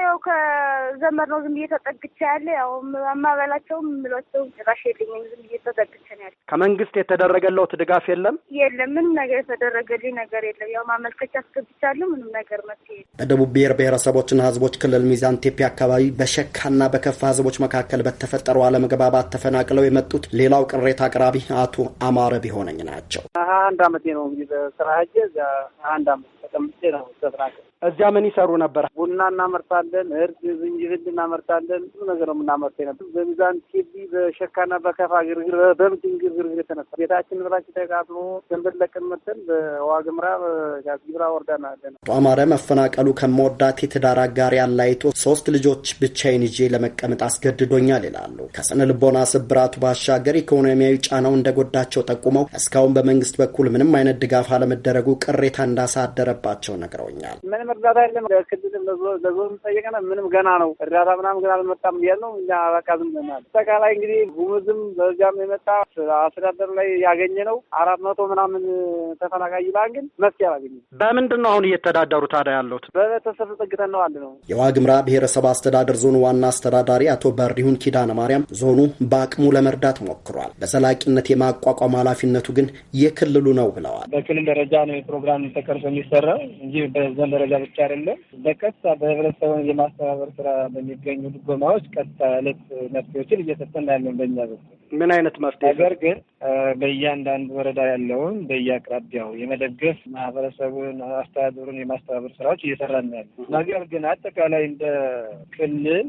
ያው ከዘመድ ነው ዝም ብዬ ተጠግቼ ያለ ያው አማበላቸውም የምሏቸውም ጭራሽ የለኝም። ዝም ብዬ ተጠግቼ ነው ያለ። ከመንግስት የተደረገለት ድጋፍ የለም የለም። ምንም ነገር የተደረገልኝ ነገር የለም። ያው ማመልከቻ አስገብቻለሁ። ምንም ነገር መፍትሄ በደቡብ ብሔር ብሔረሰቦችና ህዝቦች ክልል ሚዛን ቴፒ አካባቢ በሸካና በከፋ ህዝቦች መካከል በተፈጠረው አለመግባባት ተፈናቅለው የመጡት ሌላው ቅሬታ አቅራቢ አቶ አማረ ቢሆነኝ ናቸው። አንድ አመቴ ነው እንግዲህ በስራ አንድ አመት ተቀምጬ ነው ተስራቸ እዚያ ምን ይሰሩ ነበር? ቡና እናመርታለን፣ እርድ፣ ዝንጅብል እናመርታለን። ብዙ ነገር ነው የምናመርተው ነበር። በሚዛን ኬቢ፣ በሸካና በከፋ ግርግር፣ በምድን ግርግር የተነሳ ቤታችን ብራችን ተቃጥሎ ገንዘብ ለቀን መተን በዋግምራ ጋዝጊብራ ወርዳ ናለ አማረ መፈናቀሉ ከመወዳት የትዳር አጋሪ ያላይቶ ሶስት ልጆች ብቻዬን ይዤ ለመቀመጥ አስገድዶኛል ይላሉ። ከስነ ልቦና ስብራቱ ባሻገር ኢኮኖሚያዊ ጫናው እንደጎዳቸው ጠቁመው እስካሁን በመንግስት በኩል ምንም አይነት ድጋፍ አለመደረጉ ቅሬታ እንዳሳደረ እንዳለባቸው ነግረውኛል። ምንም እርዳታ የለም። ለክልልም ለዞን ጠየቀነ ምንም ገና ነው። እርዳታ ምናምን ግን አልመጣም እያል ነው እኛ በቃ ዝም ብለናል። አጠቃላይ እንግዲህ ጉምዝም በዚያም የመጣ አስተዳደር ላይ ያገኘ ነው አራት መቶ ምናምን ተፈናቃይ ይላል፣ ግን መፍትሄ አላገኘም። በምንድን ነው አሁን እየተዳደሩ ታዲያ ያለሁት? በቤተሰብ ጥግተን ነው አለ ነው። የዋግምራ ብሔረሰብ አስተዳደር ዞን ዋና አስተዳዳሪ አቶ በሪሁን ኪዳነ ማርያም ዞኑ በአቅሙ ለመርዳት ሞክሯል፣ በዘላቂነት የማቋቋም ኃላፊነቱ ግን የክልሉ ነው ብለዋል። በክልል ደረጃ ነው የፕሮግራም ተቀርጾ የሚሰራ የሚሰራው እንጂ በዞን ደረጃ ብቻ አይደለም። በቀጥታ በህብረተሰቡን የማስተባበር ስራ በሚገኙ ድጎማዎች ቀጥታ ዕለት መፍትሄዎችን እየሰጠን ያለን በእኛ በኩል ምን አይነት መፍትሄ ነገር ግን በእያንዳንዱ ወረዳ ያለውን በየአቅራቢያው የመደገፍ ማህበረሰቡን አስተዳደሩን የማስተባበር ስራዎች እየሰራን ያለ ነገር ግን አጠቃላይ እንደ ክልል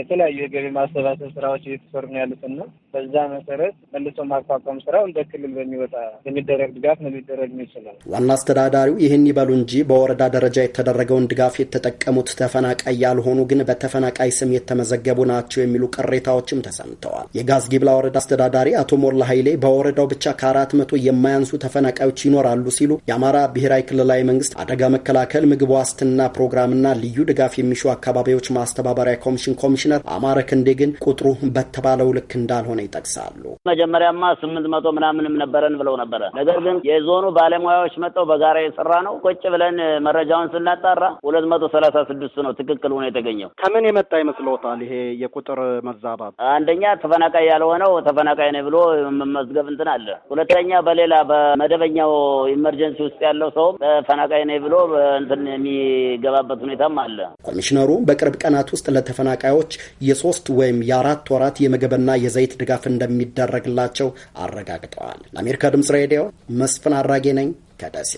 የተለያዩ የገቢ ማሰባሰብ ስራዎች እየተሰሩ ነው ያሉት እና በዛ መሰረት መልሶ ማቋቋም ስራው እንደ ክልል በሚወጣ የሚደረግ ድጋፍ ነው ሊደረግ ይችላል። ዋና አስተዳዳሪው ይህን ይበሉ እንጂ በወረዳ ደረጃ የተደረገውን ድጋፍ የተጠቀሙት ተፈናቃይ ያልሆኑ ግን በተፈናቃይ ስም የተመዘገቡ ናቸው የሚሉ ቅሬታዎችም ተሰምተዋል። የጋዝ ጊብላ ወረዳ አስተዳዳሪ አቶ ሞላ ኃይሌ በወረዳው ብቻ ከአራት መቶ የማያንሱ ተፈናቃዮች ይኖራሉ ሲሉ የአማራ ብሔራዊ ክልላዊ መንግስት አደጋ መከላከል ምግብ ዋስትና ፕሮግራምና ልዩ ድጋፍ የሚሹ አካባቢዎች ማስተባበሪያ ኮሚሽን ኮሚሽነር አማረ ክንዴ ግን ቁጥሩ በተባለው ልክ እንዳልሆነ ይጠቅሳሉ። መጀመሪያማ ስምንት መቶ ምናምንም ነበረን ብለው ነበረ። ነገር ግን የዞኑ ባለሙያዎች መጥተው በጋራ የሰራ ነው። ቁጭ ብለን መረጃውን ስናጣራ ሁለት መቶ ሰላሳ ስድስት ነው ትክክል ሆኖ የተገኘው። ከምን የመጣ ይመስለታል ይሄ የቁጥር መዛባት? አንደኛ ተፈናቃይ ያልሆነው ተፈናቃይ ነው ብሎ መመዝገብ እንትን አለ። ሁለተኛ በሌላ በመደበኛው ኢመርጀንሲ ውስጥ ያለው ሰውም ተፈናቃይ ነው ብሎ እንትን የሚገባበት ሁኔታም አለ። ኮሚሽነሩ በቅርብ ቀናት ውስጥ ለተፈናቃዩ ተፈናቃዮች የሶስት ወይም የአራት ወራት የምግብና የዘይት ድጋፍ እንደሚደረግላቸው አረጋግጠዋል። ለአሜሪካ ድምጽ ሬዲዮ መስፍን አራጌ ነኝ ከደሴ።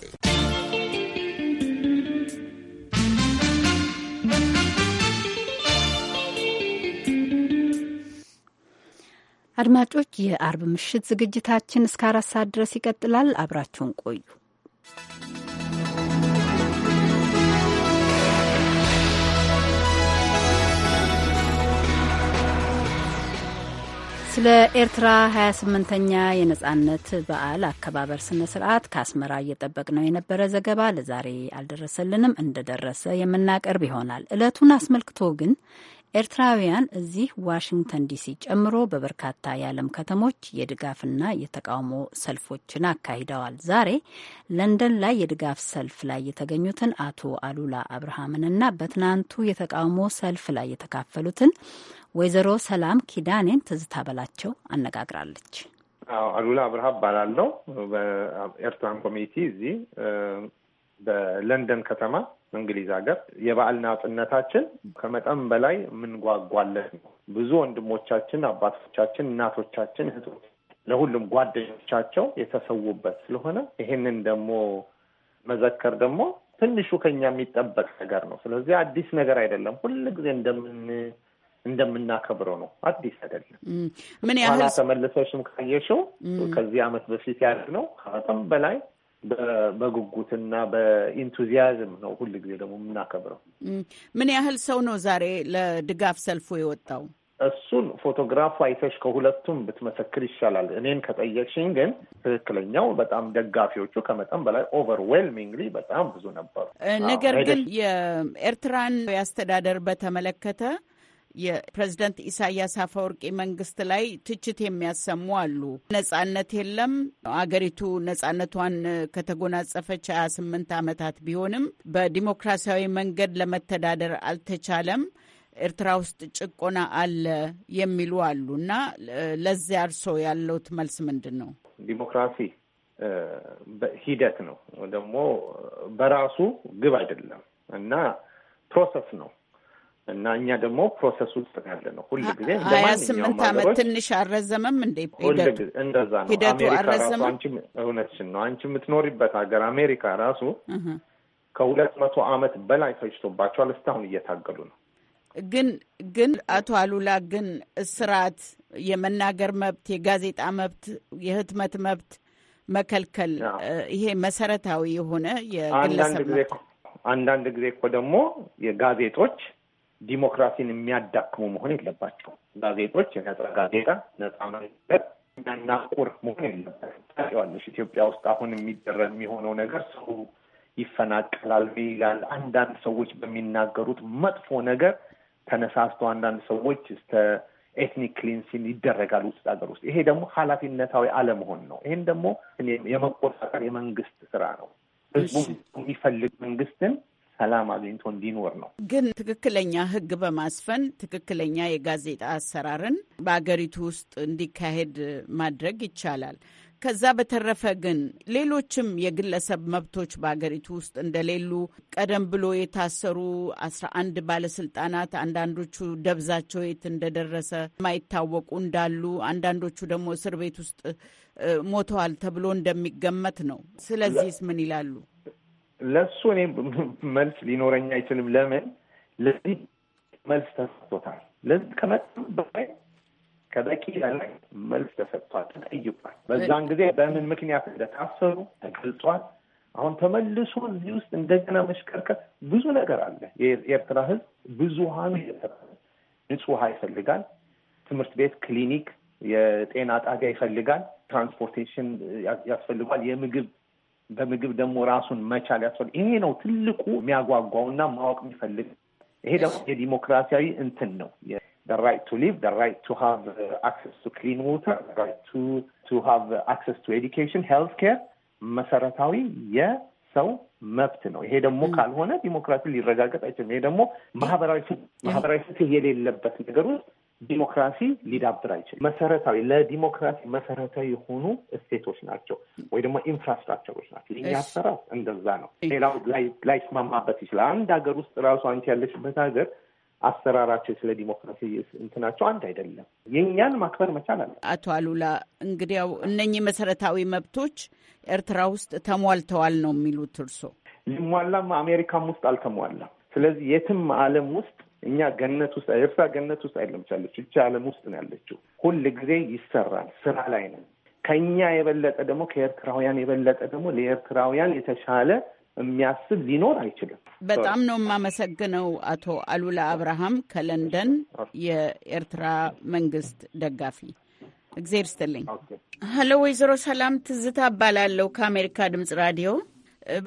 አድማጮች፣ የአርብ ምሽት ዝግጅታችን እስከ አራት ሰዓት ድረስ ይቀጥላል። አብራችሁን ቆዩ። ስለ ኤርትራ 28ኛ የነጻነት በዓል አከባበር ስነ ስርዓት ከአስመራ ነው የነበረ ዘገባ ለዛሬ አልደረሰልንም። እንደደረሰ የምናቀርብ ይሆናል። እለቱን አስመልክቶ ግን ኤርትራውያን እዚህ ዋሽንግተን ዲሲ ጨምሮ በበርካታ የዓለም ከተሞች የድጋፍና የተቃውሞ ሰልፎችን አካሂደዋል። ዛሬ ለንደን ላይ የድጋፍ ሰልፍ ላይ የተገኙትን አቶ አሉላ አብርሃምንና በትናንቱ የተቃውሞ ሰልፍ ላይ የተካፈሉትን ወይዘሮ ሰላም ኪዳኔን ትዝታ በላቸው አነጋግራለች። አሉላ አብርሃ እባላለሁ። በኤርትራን ኮሚኒቲ እዚህ በለንደን ከተማ እንግሊዝ ሀገር የበዓል ናጽነታችን ከመጠን በላይ የምንጓጓለት ነው። ብዙ ወንድሞቻችን፣ አባቶቻችን፣ እናቶቻችን፣ እህቶች ለሁሉም ጓደኞቻቸው የተሰዉበት ስለሆነ ይሄንን ደግሞ መዘከር ደግሞ ትንሹ ከኛ የሚጠበቅ ነገር ነው። ስለዚህ አዲስ ነገር አይደለም። ሁል ጊዜ እንደምን እንደምናከብረው ነው። አዲስ አይደለም። ምን ያህል ተመልሰሽም ካየሽው ከዚህ አመት በፊት ያለ ነው። ከመጠን በላይ በጉጉትና በኢንቱዚያዝም ነው ሁል ጊዜ ደግሞ የምናከብረው። ምን ያህል ሰው ነው ዛሬ ለድጋፍ ሰልፉ የወጣው? እሱን ፎቶግራፍ አይተሽ ከሁለቱም ብትመሰክር ይሻላል። እኔን ከጠየቅሽኝ ግን ትክክለኛው በጣም ደጋፊዎቹ ከመጠን በላይ ኦቨርዌልሚንግሊ በጣም ብዙ ነበሩ። ነገር ግን የኤርትራን አስተዳደር በተመለከተ የፕሬዝደንት ኢሳያስ አፈወርቂ መንግስት ላይ ትችት የሚያሰሙ አሉ። ነጻነት የለም አገሪቱ ነጻነቷን ከተጎናጸፈች ሀያ ስምንት ዓመታት ቢሆንም በዲሞክራሲያዊ መንገድ ለመተዳደር አልተቻለም ኤርትራ ውስጥ ጭቆና አለ የሚሉ አሉ እና ለዚያ እርሶ ያለውት መልስ ምንድን ነው? ዲሞክራሲ ሂደት ነው ደግሞ በራሱ ግብ አይደለም እና ፕሮሰስ ነው እና እኛ ደግሞ ፕሮሰስ ውስጥ ያለ ነው። ሁል ጊዜ ሀያ ስምንት ዓመት ትንሽ አልረዘመም እንዴ? እንደዛ ነው ሂደቱ አልረዘመም። እውነትሽን ነው። አንቺ የምትኖሪበት ሀገር አሜሪካ ራሱ ከሁለት መቶ ዓመት በላይ ፈጅቶባቸዋል። እስካሁን እየታገሉ ነው። ግን ግን አቶ አሉላ ግን እስራት፣ የመናገር መብት፣ የጋዜጣ መብት፣ የህትመት መብት መከልከል ይሄ መሰረታዊ የሆነ የግለሰብ አንዳንድ ጊዜ እኮ ደግሞ የጋዜጦች ዲሞክራሲን የሚያዳክሙ መሆን የለባቸው። ጋዜጦች የነጻ ጋዜጣ ነጻ ናቁር መሆን የለባቸው። ታውቂዋለሽ ኢትዮጵያ ውስጥ አሁን የሚደረግ የሚሆነው ነገር ሰው ይፈናቀላል ይላል። አንዳንድ ሰዎች በሚናገሩት መጥፎ ነገር ተነሳስቶ አንዳንድ ሰዎች እስከ ኤትኒክ ክሊንሲን ይደረጋል ውስጥ ሀገር ውስጥ። ይሄ ደግሞ ኃላፊነታዊ አለመሆን ነው። ይህን ደግሞ የመቆጣጠር የመንግስት ስራ ነው። ህዝቡ የሚፈልግ መንግስትን ሰላም አግኝቶ እንዲኖር ነው። ግን ትክክለኛ ህግ በማስፈን ትክክለኛ የጋዜጣ አሰራርን በአገሪቱ ውስጥ እንዲካሄድ ማድረግ ይቻላል። ከዛ በተረፈ ግን ሌሎችም የግለሰብ መብቶች በሀገሪቱ ውስጥ እንደሌሉ ቀደም ብሎ የታሰሩ አስራ አንድ ባለስልጣናት አንዳንዶቹ ደብዛቸው የት እንደደረሰ የማይታወቁ እንዳሉ፣ አንዳንዶቹ ደግሞ እስር ቤት ውስጥ ሞተዋል ተብሎ እንደሚገመት ነው። ስለዚህስ ምን ይላሉ? ለእሱ እኔ መልስ ሊኖረኝ አይችልም። ለምን ለዚህ መልስ ተሰጥቶታል። ለዚህ ከመጣም በላይ ከበቂ በላይ መልስ ተሰጥቷል፣ ተጠይቋል። በዛን ጊዜ በምን ምክንያት እንደታሰሩ ተገልጿል። አሁን ተመልሶ እዚህ ውስጥ እንደገና መሽከርከር ብዙ ነገር አለ። የኤርትራ ህዝብ ብዙሀኑ የኤርትራ ንጹህ ውሃ ይፈልጋል። ትምህርት ቤት፣ ክሊኒክ፣ የጤና ጣቢያ ይፈልጋል። ትራንስፖርቴሽን ያስፈልጓል። የምግብ በምግብ ደግሞ ራሱን መቻል ያስፈል ይሄ ነው ትልቁ የሚያጓጓው እና ማወቅ የሚፈልግ ይሄ ደግሞ የዲሞክራሲያዊ እንትን ነው ራይት ቱ ሊቭ ራይት ቱ ሃቭ አክሰስ ቱ ክሊን ዋተር ቱ ሃቭ አክሰስ ቱ ኤዱኬሽን ሄልት ኬር መሰረታዊ የሰው መብት ነው። ይሄ ደግሞ ካልሆነ ዲሞክራሲ ሊረጋገጥ አይችልም። ይሄ ደግሞ ማህበራዊ ፍትህ የሌለበት ነገር ውስጥ ዲሞክራሲ ሊዳብር አይችልም። መሰረታዊ ለዲሞክራሲ መሰረታዊ የሆኑ እሴቶች ናቸው ወይ ደግሞ ኢንፍራስትራክቸሮች ናቸው። የኛ አሰራር እንደዛ ነው። ሌላው ላይስማማበት ይችላል። አንድ ሀገር ውስጥ ራሱ አንቺ ያለችበት ሀገር አሰራራቸው ስለ ዲሞክራሲ እንትናቸው አንድ አይደለም። የእኛን ማክበር መቻል አለ። አቶ አሉላ እንግዲያው እነኚህ መሰረታዊ መብቶች ኤርትራ ውስጥ ተሟልተዋል ነው የሚሉት እርሶ? ሊሟላም አሜሪካም ውስጥ አልተሟላም። ስለዚህ የትም ዓለም ውስጥ እኛ ገነት ውስጥ ኤርትራ ገነት ውስጥ አይደለም ያለች፣ ብቻ ዓለም ውስጥ ነው ያለችው። ሁል ጊዜ ይሰራል፣ ስራ ላይ ነው። ከእኛ የበለጠ ደግሞ ከኤርትራውያን የበለጠ ደግሞ ለኤርትራውያን የተሻለ የሚያስብ ሊኖር አይችልም። በጣም ነው የማመሰግነው አቶ አሉላ አብርሃም ከለንደን የኤርትራ መንግስት ደጋፊ። እግዜር ስትልኝ። ሀሎ ወይዘሮ ሰላም ትዝታ እባላለሁ ከአሜሪካ ድምጽ ራዲዮ።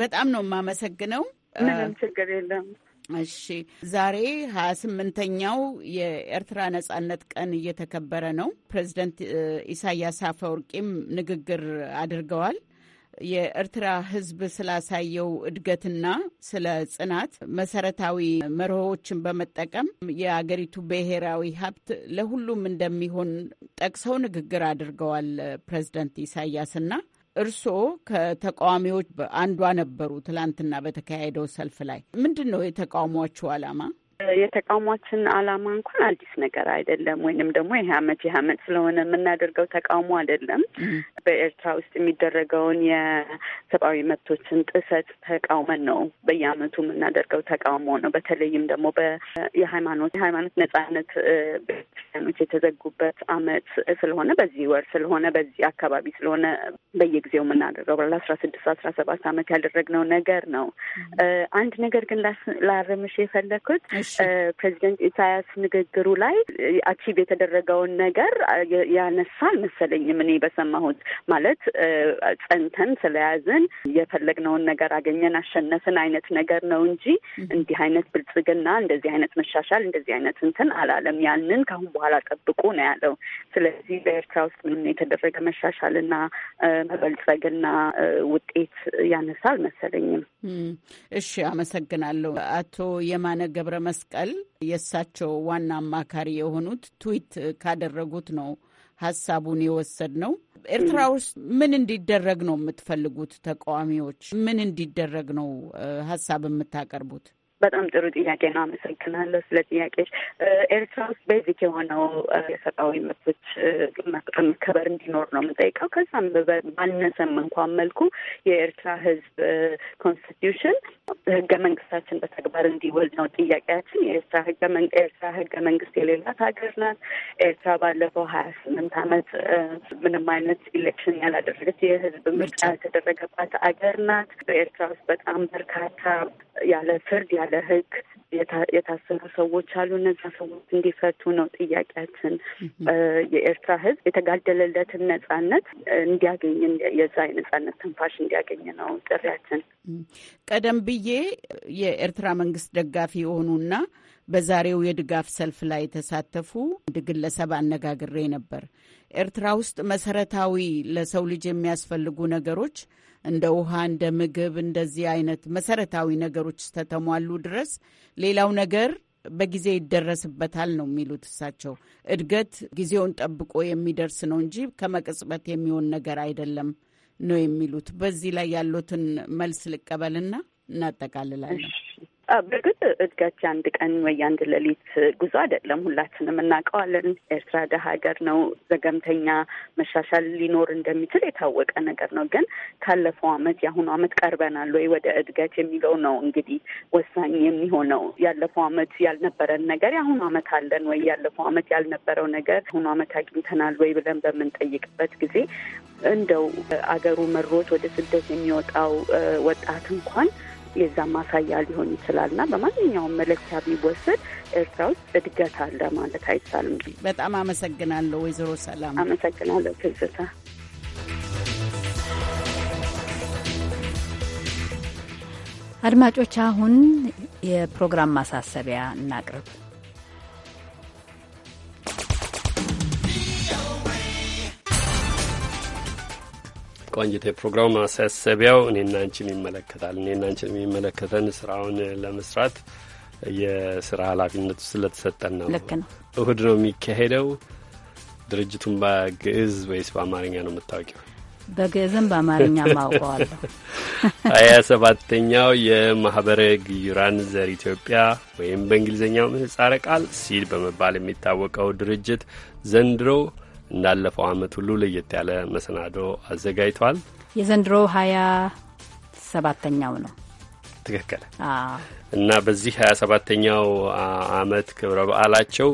በጣም ነው የማመሰግነው። ምንም ችግር የለም። እሺ ዛሬ ሀያ ስምንተኛው የኤርትራ ነጻነት ቀን እየተከበረ ነው። ፕሬዚደንት ኢሳያስ አፈወርቂም ንግግር አድርገዋል። የኤርትራ ሕዝብ ስላሳየው እድገትና ስለ ጽናት መሰረታዊ መርሆዎችን በመጠቀም የአገሪቱ ብሔራዊ ሀብት ለሁሉም እንደሚሆን ጠቅሰው ንግግር አድርገዋል ፕሬዚደንት ኢሳያስና እርስዎ ከተቃዋሚዎች አንዷ ነበሩ። ትላንትና በተካሄደው ሰልፍ ላይ ምንድን ነው የተቃውሟችሁ ዓላማ? የተቃውሟችን አላማ እንኳን አዲስ ነገር አይደለም፣ ወይንም ደግሞ ይሄ አመት ይህ አመት ስለሆነ የምናደርገው ተቃውሞ አይደለም። በኤርትራ ውስጥ የሚደረገውን የሰብአዊ መብቶችን ጥሰት ተቃውመን ነው በየአመቱ የምናደርገው ተቃውሞ ነው። በተለይም ደግሞ የሃይማኖት የሃይማኖት ነጻነት ቤተክርስቲያኖች የተዘጉበት አመት ስለሆነ በዚህ ወር ስለሆነ በዚህ አካባቢ ስለሆነ በየጊዜው የምናደርገው ለአስራ ስድስት አስራ ሰባት አመት ያደረግነው ነገር ነው። አንድ ነገር ግን ላርምሽ የፈለግኩት ፕሬዚደንት ኢሳያስ ንግግሩ ላይ አቺቭ የተደረገውን ነገር ያነሳ አልመሰለኝም። እኔ በሰማሁት ማለት ጸንተን ስለያዝን የፈለግነውን ነገር አገኘን፣ አሸነፍን አይነት ነገር ነው እንጂ እንዲህ አይነት ብልጽግና፣ እንደዚህ አይነት መሻሻል፣ እንደዚህ አይነት እንትን አላለም። ያንን ከአሁን በኋላ ጠብቁ ነው ያለው። ስለዚህ በኤርትራ ውስጥ ምን የተደረገ መሻሻልና መበልጸግና ውጤት ያነሳ አልመሰለኝም። እሺ፣ አመሰግናለሁ። አቶ የማነ ገብረ መስ መስቀል የእሳቸው ዋና አማካሪ የሆኑት ትዊት ካደረጉት ነው ሀሳቡን የወሰድ ነው። ኤርትራ ውስጥ ምን እንዲደረግ ነው የምትፈልጉት? ተቃዋሚዎች ምን እንዲደረግ ነው ሀሳብ የምታቀርቡት? በጣም ጥሩ ጥያቄ ነው። አመሰግናለሁ ስለ ጥያቄች። ኤርትራ ውስጥ ቤዚክ የሆነው የሰብአዊ መብቶች መከበር እንዲኖር ነው የምንጠይቀው። ከዛም ባነሰም እንኳን መልኩ የኤርትራ ህዝብ ኮንስቲትዩሽን ህገ መንግስታችን በተግባር እንዲውል ነው ጥያቄያችን። የኤርትራ ሕገ ኤርትራ ህገ መንግስት የሌላት ሀገር ናት። ኤርትራ ባለፈው ሀያ ስምንት አመት ምንም አይነት ኢሌክሽን ያላደረገች የህዝብ ምርጫ የተደረገባት ሀገር ናት። በኤርትራ ውስጥ በጣም በርካታ ያለ ፍርድ ያለ ያለ ህግ የታሰሩ ሰዎች አሉ። እነዛ ሰዎች እንዲፈቱ ነው ጥያቄያችን። የኤርትራ ህዝብ የተጋደለለትን ነጻነት እንዲያገኝ የዛ የነጻነት ትንፋሽ እንዲያገኝ ነው ጥሪያችን። ቀደም ብዬ የኤርትራ መንግስት ደጋፊ የሆኑና በዛሬው የድጋፍ ሰልፍ ላይ የተሳተፉ አንድ ግለሰብ አነጋግሬ ነበር። ኤርትራ ውስጥ መሰረታዊ ለሰው ልጅ የሚያስፈልጉ ነገሮች እንደ ውሃ፣ እንደ ምግብ እንደዚህ አይነት መሰረታዊ ነገሮች እስተተሟሉ ድረስ ሌላው ነገር በጊዜ ይደረስበታል ነው የሚሉት እሳቸው። እድገት ጊዜውን ጠብቆ የሚደርስ ነው እንጂ ከመቅጽበት የሚሆን ነገር አይደለም ነው የሚሉት። በዚህ ላይ ያሉትን መልስ ልቀበልና እናጠቃልላለን። በእርግጥ እድገት አንድ ቀን ወይ አንድ ሌሊት ጉዞ አይደለም። ሁላችንም እናውቀዋለን። ኤርትራ ደሀ ሀገር ነው። ዘገምተኛ መሻሻል ሊኖር እንደሚችል የታወቀ ነገር ነው። ግን ካለፈው ዓመት የአሁኑ ዓመት ቀርበናል ወይ ወደ እድገት የሚለው ነው እንግዲህ ወሳኝ የሚሆነው። ያለፈው ዓመት ያልነበረን ነገር የአሁኑ ዓመት አለን ወይ፣ ያለፈው ዓመት ያልነበረው ነገር የአሁኑ ዓመት አግኝተናል ወይ ብለን በምንጠይቅበት ጊዜ እንደው አገሩ መሮት ወደ ስደት የሚወጣው ወጣት እንኳን የዛ ማሳያ ሊሆን ይችላል እና በማንኛውም መለኪያ ቢወሰድ ኤርትራ ውስጥ እድገት አለ ማለት አይቻልም። በጣም አመሰግናለሁ ወይዘሮ ሰላም። አመሰግናለሁ ትዝታ። አድማጮች አሁን የፕሮግራም ማሳሰቢያ እናቅርብ። ቆንጅት የፕሮግራም ማሳሰቢያው እኔና አንቺን ይመለከታል። እኔና አንቺን የሚመለከተን ስራውን ለመስራት የስራ ኃላፊነቱ ስለተሰጠን ነው። ልክ ነው። እሁድ ነው የሚካሄደው። ድርጅቱን በግዕዝ ወይስ በአማርኛ ነው የምታወቂው? በግዕዝም በአማርኛ ማውቀዋለሁ። ሀያ ሰባተኛው የማህበረ ግዩራን ዘር ኢትዮጵያ ወይም በእንግሊዝኛው ምህጻረ ቃል ሲል በመባል የሚታወቀው ድርጅት ዘንድሮ እንዳለፈው ዓመት ሁሉ ለየት ያለ መሰናዶ አዘጋጅቷል። የዘንድሮ ሀያ ሰባተኛው ነው ትክክል እና በዚህ ሀያ ሰባተኛው አመት ክብረ በዓላቸው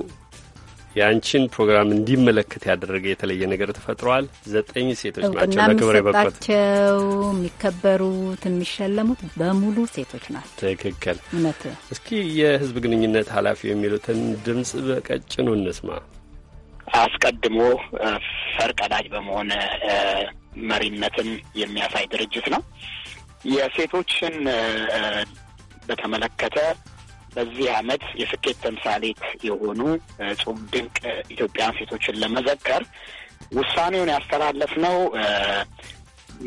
የአንቺን ፕሮግራም እንዲመለከት ያደረገ የተለየ ነገር ተፈጥሯል። ዘጠኝ ሴቶች ናቸው ለክብረ የበቁታቸው የሚከበሩት የሚሸለሙት በሙሉ ሴቶች ናቸው። ትክክል እውነት። እስኪ የህዝብ ግንኙነት ኃላፊ የሚሉትን ድምጽ በቀጭኑ እንስማ። አስቀድሞ ፈርቀዳጅ በመሆን መሪነትን የሚያሳይ ድርጅት ነው። የሴቶችን በተመለከተ በዚህ ዓመት የስኬት ተምሳሌት የሆኑ እጹም ድንቅ ኢትዮጵያን ሴቶችን ለመዘከር ውሳኔውን ያስተላለፍ ነው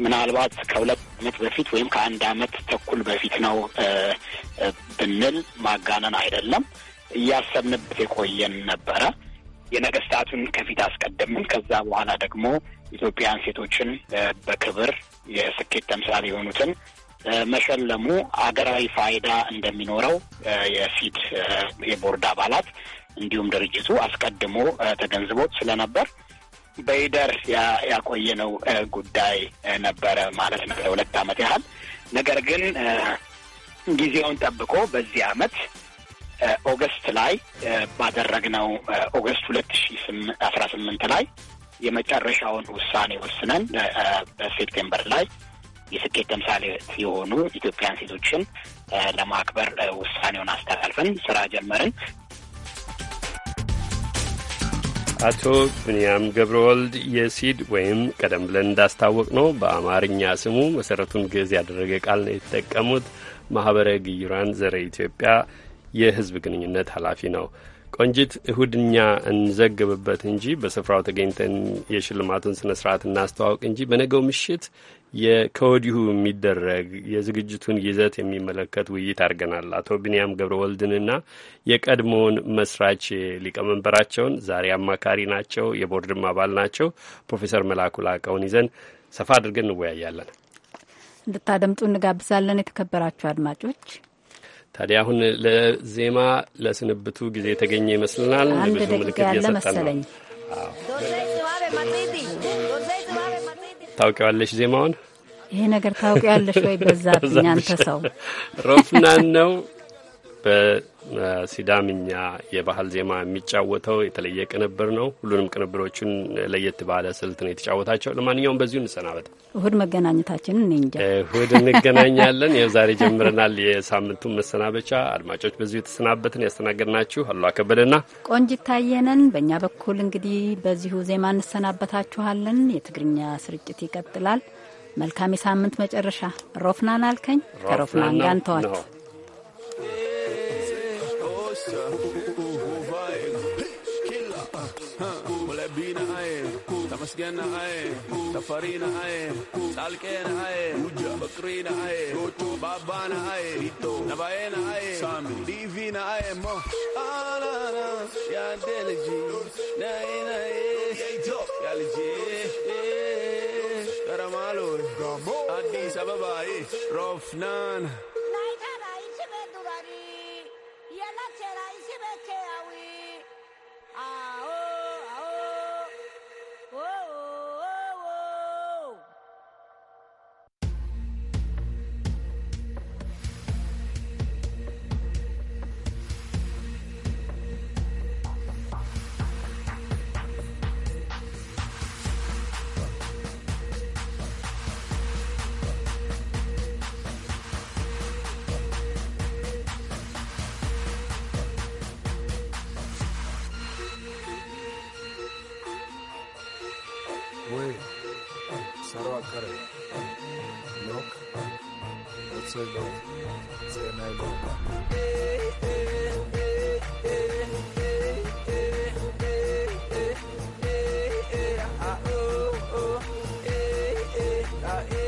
ምናልባት ከሁለት ዓመት በፊት ወይም ከአንድ ዓመት ተኩል በፊት ነው ብንል ማጋነን አይደለም። እያሰብንበት የቆየን ነበረ። የነገስታቱን ከፊት አስቀደምን። ከዛ በኋላ ደግሞ ኢትዮጵያውያን ሴቶችን በክብር የስኬት ተምሳሌ የሆኑትን መሸለሙ አገራዊ ፋይዳ እንደሚኖረው የፊት የቦርድ አባላት እንዲሁም ድርጅቱ አስቀድሞ ተገንዝቦት ስለነበር በይደር ያቆየነው ጉዳይ ነበረ ማለት ነው ለሁለት ዓመት ያህል። ነገር ግን ጊዜውን ጠብቆ በዚህ ዓመት ኦገስት ላይ ባደረግነው ኦገስት ሁለት ሺ አስራ ስምንት ላይ የመጨረሻውን ውሳኔ ወስነን በሴፕቴምበር ላይ የስኬት ተምሳሌ የሆኑ ኢትዮጵያን ሴቶችን ለማክበር ውሳኔውን አስተላልፈን ስራ ጀመርን። አቶ ብንያም ገብረወልድ የሲድ ወይም ቀደም ብለን እንዳስታወቅ ነው በአማርኛ ስሙ መሰረቱን ግዕዝ ያደረገ ቃል ነው የተጠቀሙት ማህበረ ግዩራን ዘረ ኢትዮጵያ የህዝብ ግንኙነት ኃላፊ ነው። ቆንጂት፣ እሁድኛ እንዘግብበት እንጂ በስፍራው ተገኝተን የሽልማቱን ስነ ስርዓት እናስተዋውቅ እንጂ በነገው ምሽት ከወዲሁ የሚደረግ የዝግጅቱን ይዘት የሚመለከት ውይይት አድርገናል። አቶ ቢንያም ገብረ ወልድንና የቀድሞውን መስራች ሊቀመንበራቸውን ዛሬ አማካሪ ናቸው፣ የቦርድም አባል ናቸው፣ ፕሮፌሰር መላኩ ላቀውን ይዘን ሰፋ አድርገን እንወያያለን። እንድታደምጡ እንጋብዛለን። የተከበራችሁ አድማጮች ታዲያ አሁን ለዜማ ለስንብቱ ጊዜ የተገኘ ይመስልናል። አንድ ደቂቃ ያለ መሰለኝ። ታውቂዋለሽ ዜማውን ይሄ ነገር ታውቂዋለሽ ወይ? በዛብኝ አንተ ሰው ሮፍናን ነው። ሲዳምኛ የባህል ዜማ የሚጫወተው የተለየ ቅንብር ነው። ሁሉንም ቅንብሮቹን ለየት ባለ ስልት ነው የተጫወታቸው። ለማንኛውም በዚሁ እንሰናበት። እሁድ መገናኘታችን እንጃ። እሁድ እንገናኛለን። ይኸው ዛሬ ጀምረናል የሳምንቱን መሰናበቻ። አድማጮች በዚሁ የተሰናበትን ያስተናገድናችሁ አሉ አከበደና ቆንጅ ታየነን። በእኛ በኩል እንግዲህ በዚሁ ዜማ እንሰናበታችኋለን። የትግርኛ ስርጭት ይቀጥላል። መልካም የሳምንት መጨረሻ። ሮፍናን አልከኝ ከሮፍናን ጋር እንተዋት። gangsta, Wolverine, killer, mulebina aye, tamasgena aye, tafarina aye, talkena aye, uja, bakrina aye, goto, babana aye, ito, nabaena aye, sami, divina aye, mo, alala, ya delegi, na ina e, ya leji, eh, Addis Ababa, eh, Rofnan. Naika na ichi yɛlɛ cɛla i si